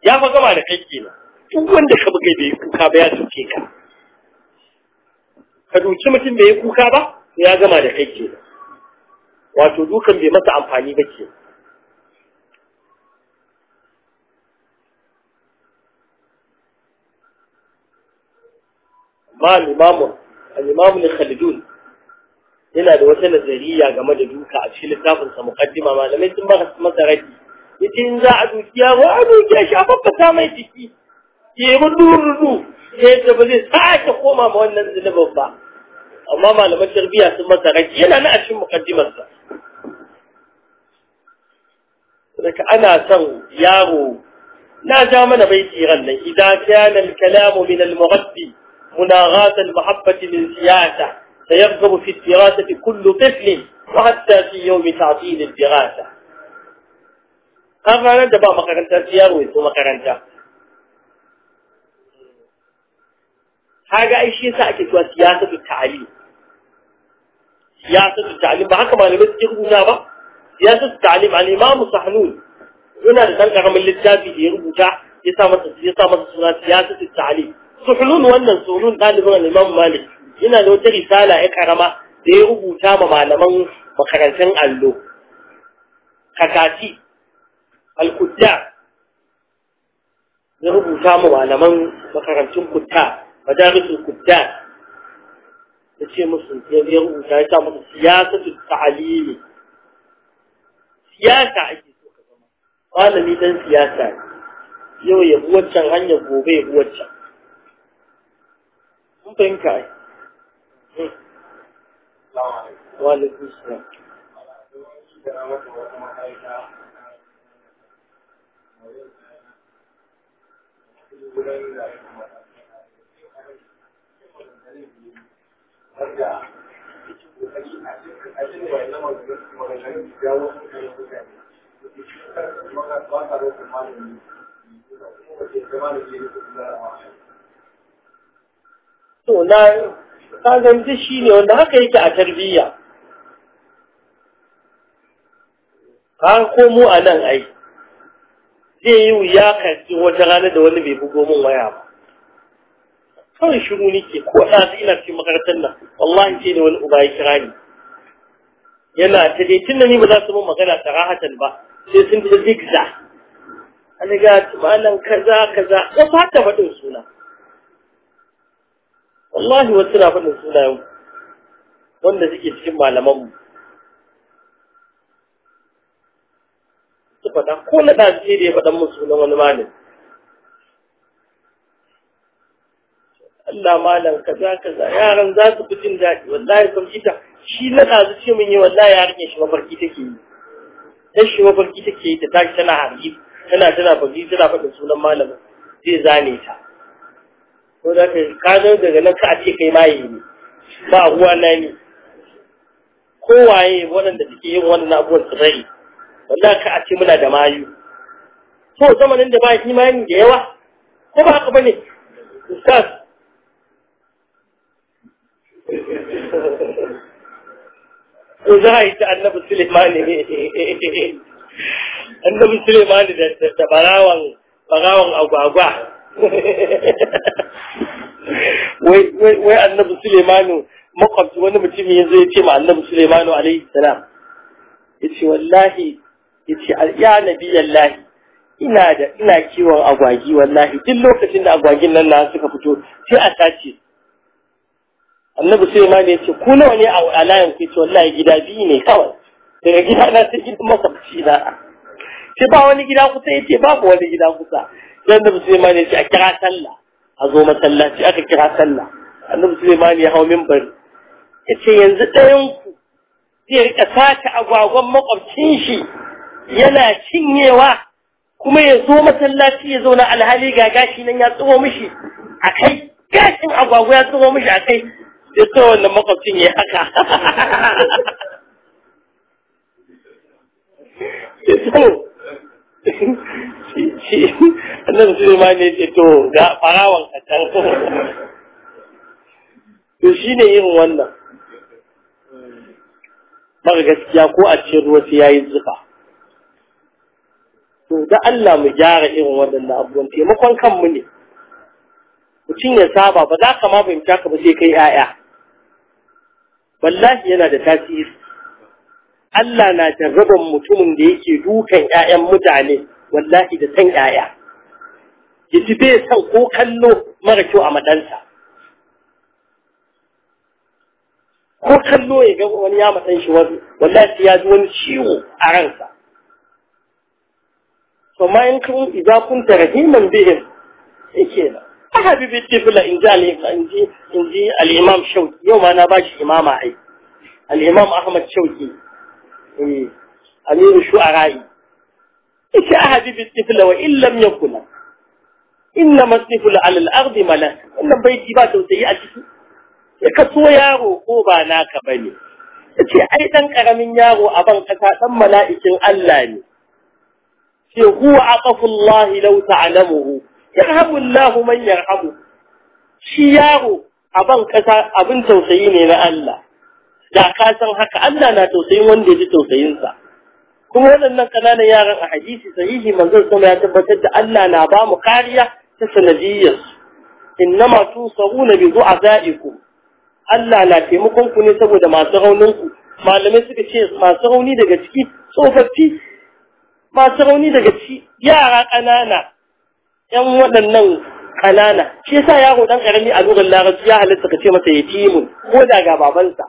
A: ya fa gama da kai kenan duk wanda ka bugai bai kuka ba ya duke ka ka duki mutum bai yi kuka ba ya gama da kai ke wato dukan bai masa amfani ba ke ma imamu al-imamu khalidun yana da wata nazariya game da duka a cikin littafin sa muqaddima malamai sun baka masa raki yace in za a dukiya ba a ya shafa ba ta mai ciki ke mun duru ta yadda ba zai sake koma ma wannan zunubin ba amma malaman tarbiyya sun masa rage yana na a cikin mukaddimarsa daga ana son yaro na ja mana baiti ran nan idan kana al-kalamu min al-mughaddi مناغات المحبة من سياسة سيرغب في الدراسة كل طفل وحتى في يوم تعطيل الدراسة هذا ندبا مقرنتا سيار ويسو مقرنتا kaga ai shi yasa ake cewa siyasatu ta'lim siyasatu ta'lim ba haka malamai suke rubuta ba siyasatu ta'lim al-imam sahnun yana da dan karamin littafi da ya rubuta ya sa masa ya sa masa suna siyasatu ta'lim sahnun wannan suhnun dalibin al-imam malik yana da wata risala ya karama da ya rubuta ma malaman makarantun allo kakati al-kutta ya rubuta ma malaman makarantun kutta مدارس الكتاب الشيء مسلم كبير وكان يسمى سياسة التعليم سياسة عجي سوكا قال لي دان سياسة يو يبوتشا غن يبوبي يبوتشا ممكن كاي وعليكم السلام Thank you. To na kagan duk shi ne wanda haka yake a tarbiyya. Ka komo a nan ai, zai yi wuya ka wata rana da wani bai bugo min waya ba. kawai shiru nike ko da ina cikin makarantar nan wallahi sai da wani uba ya kira ni yana ta dai tunda ni ba za su mun magana sarahatan ba sai sun ta zigza an ga malam kaza kaza ya fata faɗin suna wallahi wasu tsira faɗin suna yau wanda suke cikin malamanmu su fada ko na ɗazi da ya faɗan musu sunan wani malam. Allah malam kaza kaza yaran za su fi jin daɗi wallahi kam ita shi na ɗazu ce mun yi wallahi ya rike shi mafarki take yi ta shi mafarki take yi ta tashi tana harbi tana tana farki tana faɗin sunan malamin zai zane ta ko za ka zo daga nan ka a ce kai maye ne ba ruwa na ne kowaye waɗanda suke yin wannan abubuwan tsirrai? wallahi ka a ce muna da mayu to zamanin da ba imani da yawa ko ba haka bane ustaz za a yi ta annabi Suleimani annabi Suleimani da barawan barawan agwagwa wai annabi Suleimani makwabci wani mutum ya zo ce ma annabi Suleimani alaihi salam ya ce wallahi ya ce ya nabi Allah ina da ina kiwon agwagi wallahi duk lokacin da agwagin nan na suka fito sai a sace annabi sai ma ne ce ku nawa ne a alayan ku ce wallahi gida biyu ne kawai daga gida na ta gidan makwabci na ce ba wani gida kusa ya ce babu wani gida kusa dan annabi sai ma ne ce a kira sallah a zo masallaci aka kira sallah annabi sai ma ne ya hau bari. ya ce yanzu ɗayan ku zai rika sace agwagwan makwabcin shi yana cinyewa kuma ya zo masallaci ya zauna alhali ga gashi nan ya tsoro mishi a kai gashin agwagwa ya tsoro mishi a kai ya sa wannan makwabcin ya haka annabi Suleiman ne ya to ga farawan a can to shi ne yin wannan baka gaskiya ko a cikin ruwa ya yi zufa to da Allah mu gyara irin waɗanda abubuwan taimakon kanmu ne mutum ya saba ba za ka ma fahimta ka ba sai kai 'ya'ya. wallahi yana da tasiri Allah na jarraban mutumin da yake dukan ƴaƴan mutane wallahi da san ƴaƴa Yaji bai san ko kallo mara kyau a madansa ko kallo ya ga wani ya matsan shi wani wallahi ya ji wani ciwo a ransa to ma in kun idza kunta rahiman bihim yake habibi tibula in ji in ji al'imam shauki yau ma na ba shi imama ai al'imam ahmad shauki amiru shu'ara'i ita a habibi tibula wa illam ya kula inna masnifula alal ardi mala wannan baiti ba tausayi a ciki ya ka so yaro ko ba naka bane ce ai dan karamin yaro a ban kasa dan mala'ikin Allah ne ce huwa aqafullahi law ta'lamuhu yarhamu Allah man yarhamu shi yaro a ban kasa abin tausayi ne na Allah da ka san haka Allah na tausayin wanda ya ji tausayin sa kuma waɗannan kananan yaran a hadisi sahihi manzon sama ya tabbatar da Allah na ba mu kariya ta Inna sanadiyyar innama tusaruna bi du'a'ikum Allah na taimakon ku ne saboda masu raunin ku malamai suka ce masu rauni daga ciki tsofaffi masu rauni daga ciki yara ƙanana 'yan waɗannan ƙanana shi yasa yaro dan ƙarami a lugar larabci ya halitta ka ce masa yatimun ko da ga babansa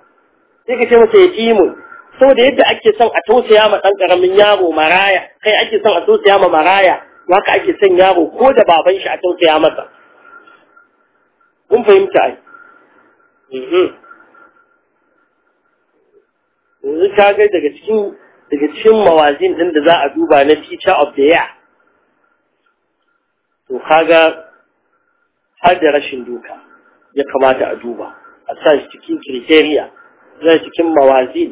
A: sai ka ce masa yatimun saboda yadda ake son a tausaya ma ɗan ƙaramin yaro maraya kai ake son a tausaya ma maraya haka ake son yaro ko da baban shi a tausaya masa kun fahimta ai mhm. yanzu ka gai daga cikin daga cikin mawazin ɗin da za a duba na teacher of the year to kaga har da rashin duka ya kamata a duba a sa shi cikin kriteriya za cikin mawazi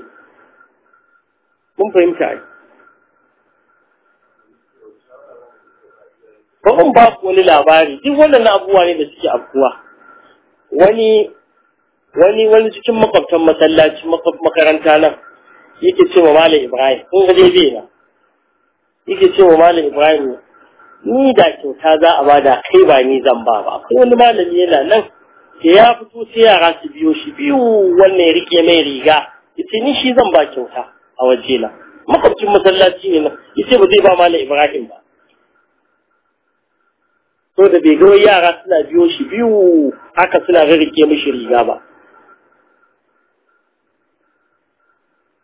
A: mun fahimta ai ko in ba wani labari duk wannan abubuwa ne da suke afkuwa wani wani wani cikin makwabtan masallaci makaranta nan yake ce wa malam ibrahim kun ga dai bai na yake ce wa malam ibrahim ni da kyauta za a bada kai ba ni zan ba ba akwai wani malami yana nan da ya fito sai yara su biyo shi biyu wannan rike mai riga yace ni shi zan ba kyauta a waje na makwabcin masallaci ne na yace ba zai ba malam Ibrahim ba to da bai ga yara suna biyo shi biyu haka suna rike mishi riga ba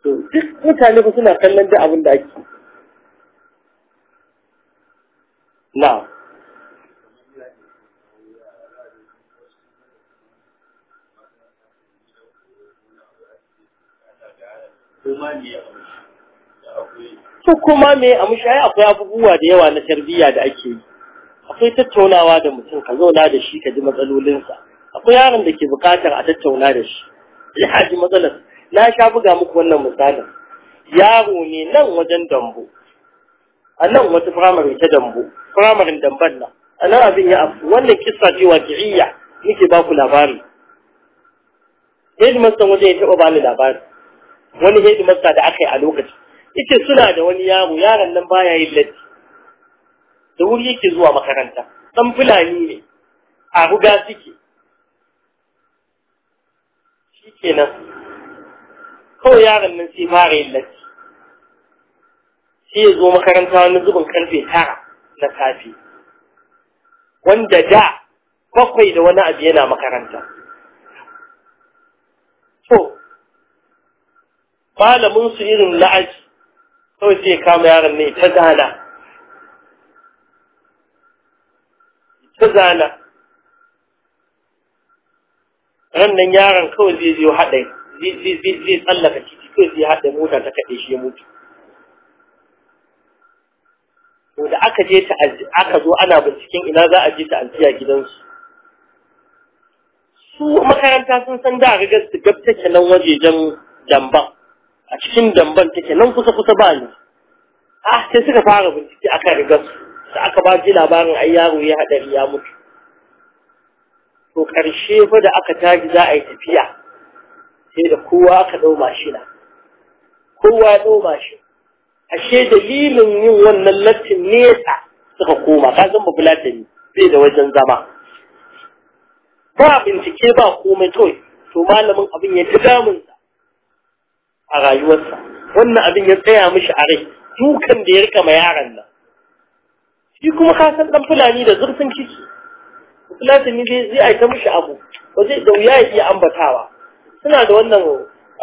A: duk mutane ba suna kallon da abin da ake na su kuma me a mushayi akwai abubuwa da yawa na tarbiyya da ake yi akwai tattaunawa da mutum ka zauna da shi ka ji matsalolinsa akwai yaron da ke bukatar a tattauna da shi ya ji matsalar na sha buga muku wannan misalin yaro ne nan wajen dambo a nan wata firamare ta dambo firamarin damban nan a nan abin ya afu wannan kisa ce waƙi'iyya muke ba ku labari hedimasta waje ya taɓa bani labari wani hedimasta da aka yi a lokaci yake suna da wani yaro yaron nan baya yin latti da wuri yake zuwa makaranta ɗan fulani ne a ruga suke shi kenan kawai yaron nan sai fara yin latti sai ya zo makaranta wani zubin karfe tara na safe wanda da bakwai da wani abu yana makaranta to malamin su irin la'aji kawai sai ya kama yaron ne ta zana ta zana rannan yaron kawai zai zai haɗa zai tsallaka titi kawai zai haɗa mota ta kaɗe shi ya mutu to da aka je ta aka zo ana binciken ina za a je ta ajiya gidansu su makaranta sun san da ga gasu, gab take nan waje jan damban a cikin damban take nan kusa kusa ba ni ah sai suka fara bincike aka riga su da aka ba ji labarin ai yaro ya hadari ya mutu to karshe fa da aka tashi za a yi tafiya sai da kowa aka dau mashina kowa ya dau mashin ashe dalilin yin wannan lattin nesa suka koma ka zan babu latini zai da wajen zama ba bincike ba komai kawai to malamin abin ya ji damunsa a rayuwarsa wannan abin ya tsaya mishi a rai dukan da ya rika ma yaran nan shi kuma ka san dan fulani da zurfin ciki fulatini dai zai aita mishi abu ba zai da wuya iya ambatawa suna da wannan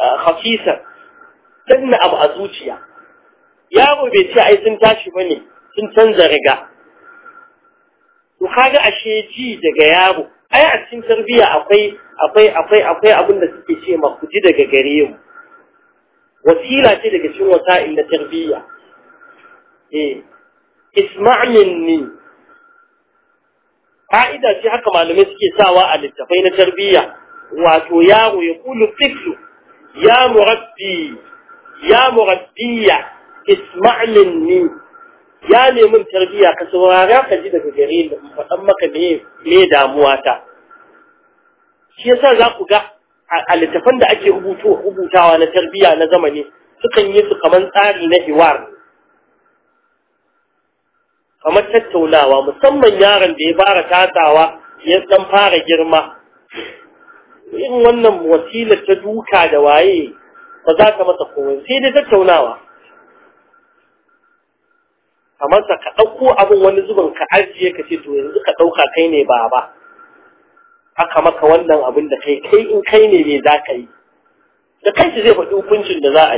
A: ah, hafisa danna abu a zuciya yaro bai ce ai sun tashi bane sun canza riga to kaga ashe ji daga yaro ai a cikin tarbiyya akwai akwai akwai akwai abin da suke ce ma ku ji daga gare mu wasila ce daga cikin wasa'il na tarbiyya eh isma'inni Fa'ida ce haka malamai suke sawa a littafai na tarbiyya wato yaro ya kulu tiflu ya murabbi ya murabbiya isma'ilin ya nemi tarbiyya, ka saurara ka ji daga gare ni faɗan maka me damuwa ta shi yasa za ku ga a littafan da ake rubutawa na tarbiya na zamani sukan yi su kamar tsari na hiwar kamar tattaunawa musamman yaron da ya fara tasawa ya dan fara girma in wannan wasila ta duka da waye ba za ta masa komai sai dai tattaunawa kamar sa ka ɗauko abin wani zubin ka ajiye ka ce to yanzu ka ɗauka kai ne baba Haka maka wannan abin da kai kai in kai ne me za ka yi da kai kanshi zai faɗi hukuncin da za a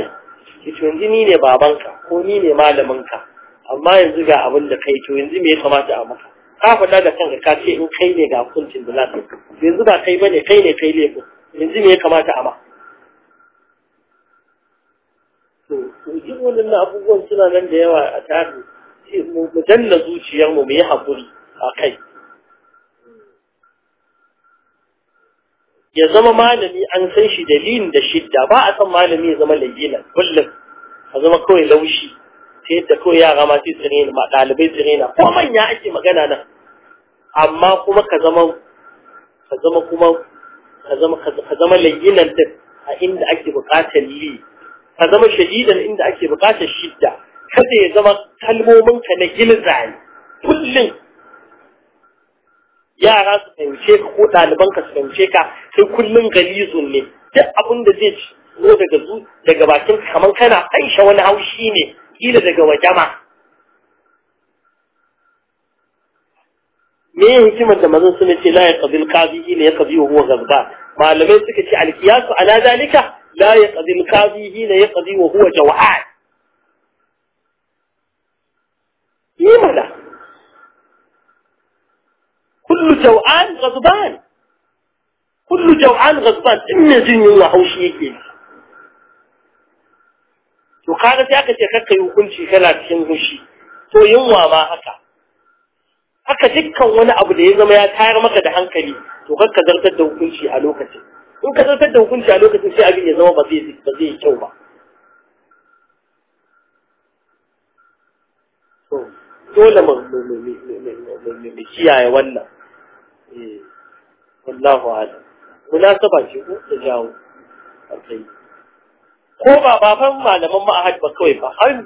A: yi to yanzu ni ne babanka ko ni ne malaminka amma yanzu ga abin da kai to yanzu me ya kamata a maka ka faɗa da kanka ka ce in kai ne ga hukuncin da za ka yi yanzu ba kai bane kai ne kai laifin yanzu me ya kamata a ma to duk wannan abubuwan suna nan da yawa a tarihi mu danna zuciyarmu mu yi haƙuri a kai ya zama malami an san shi da lin da shidda ba a san malami ya zama lagina kullum a zama kawai laushi ta yadda kawai yara ma sai tsirena ma ɗalibai tsirena ko manya ake magana nan amma kuma ka zama ka zama kuma ka zama ka zama lagina din a inda ake buƙatar li ka zama shadidan inda ake buƙatar shidda kada ya zama kalmominka na gilza kullum yara su fahimce ka ko ɗalibanka su fahimce ka sai kullum galizun ne duk abin da zai ci ko daga zu daga bakin kamar kana aisha wani haushi ne kila daga wajama me hikimar da mazan suna ce la ya qabil qadi ne ya qabi huwa gazba malamai suka ce alkiyasu ala zalika la ya qabil qadi ne ya qabi huwa jawan لماذا كل جوعان غضبان كل جوعان غضبان إن جن الله شيء to kaga sai aka ce kakka yi hukunci kana cikin hushi to yunwa ma haka haka dukkan wani abu da ya zama ya tayar maka da hankali to kakka zartar da hukunci a lokacin in ka zartar da hukunci a lokacin sai abin ya zama ba zai ba zai kyau ba dole mai kiyaye wannan eh, wallahu kuna munasaba shi ko ta jawo ko ba baban malaman ma'ahad ba kawai ba har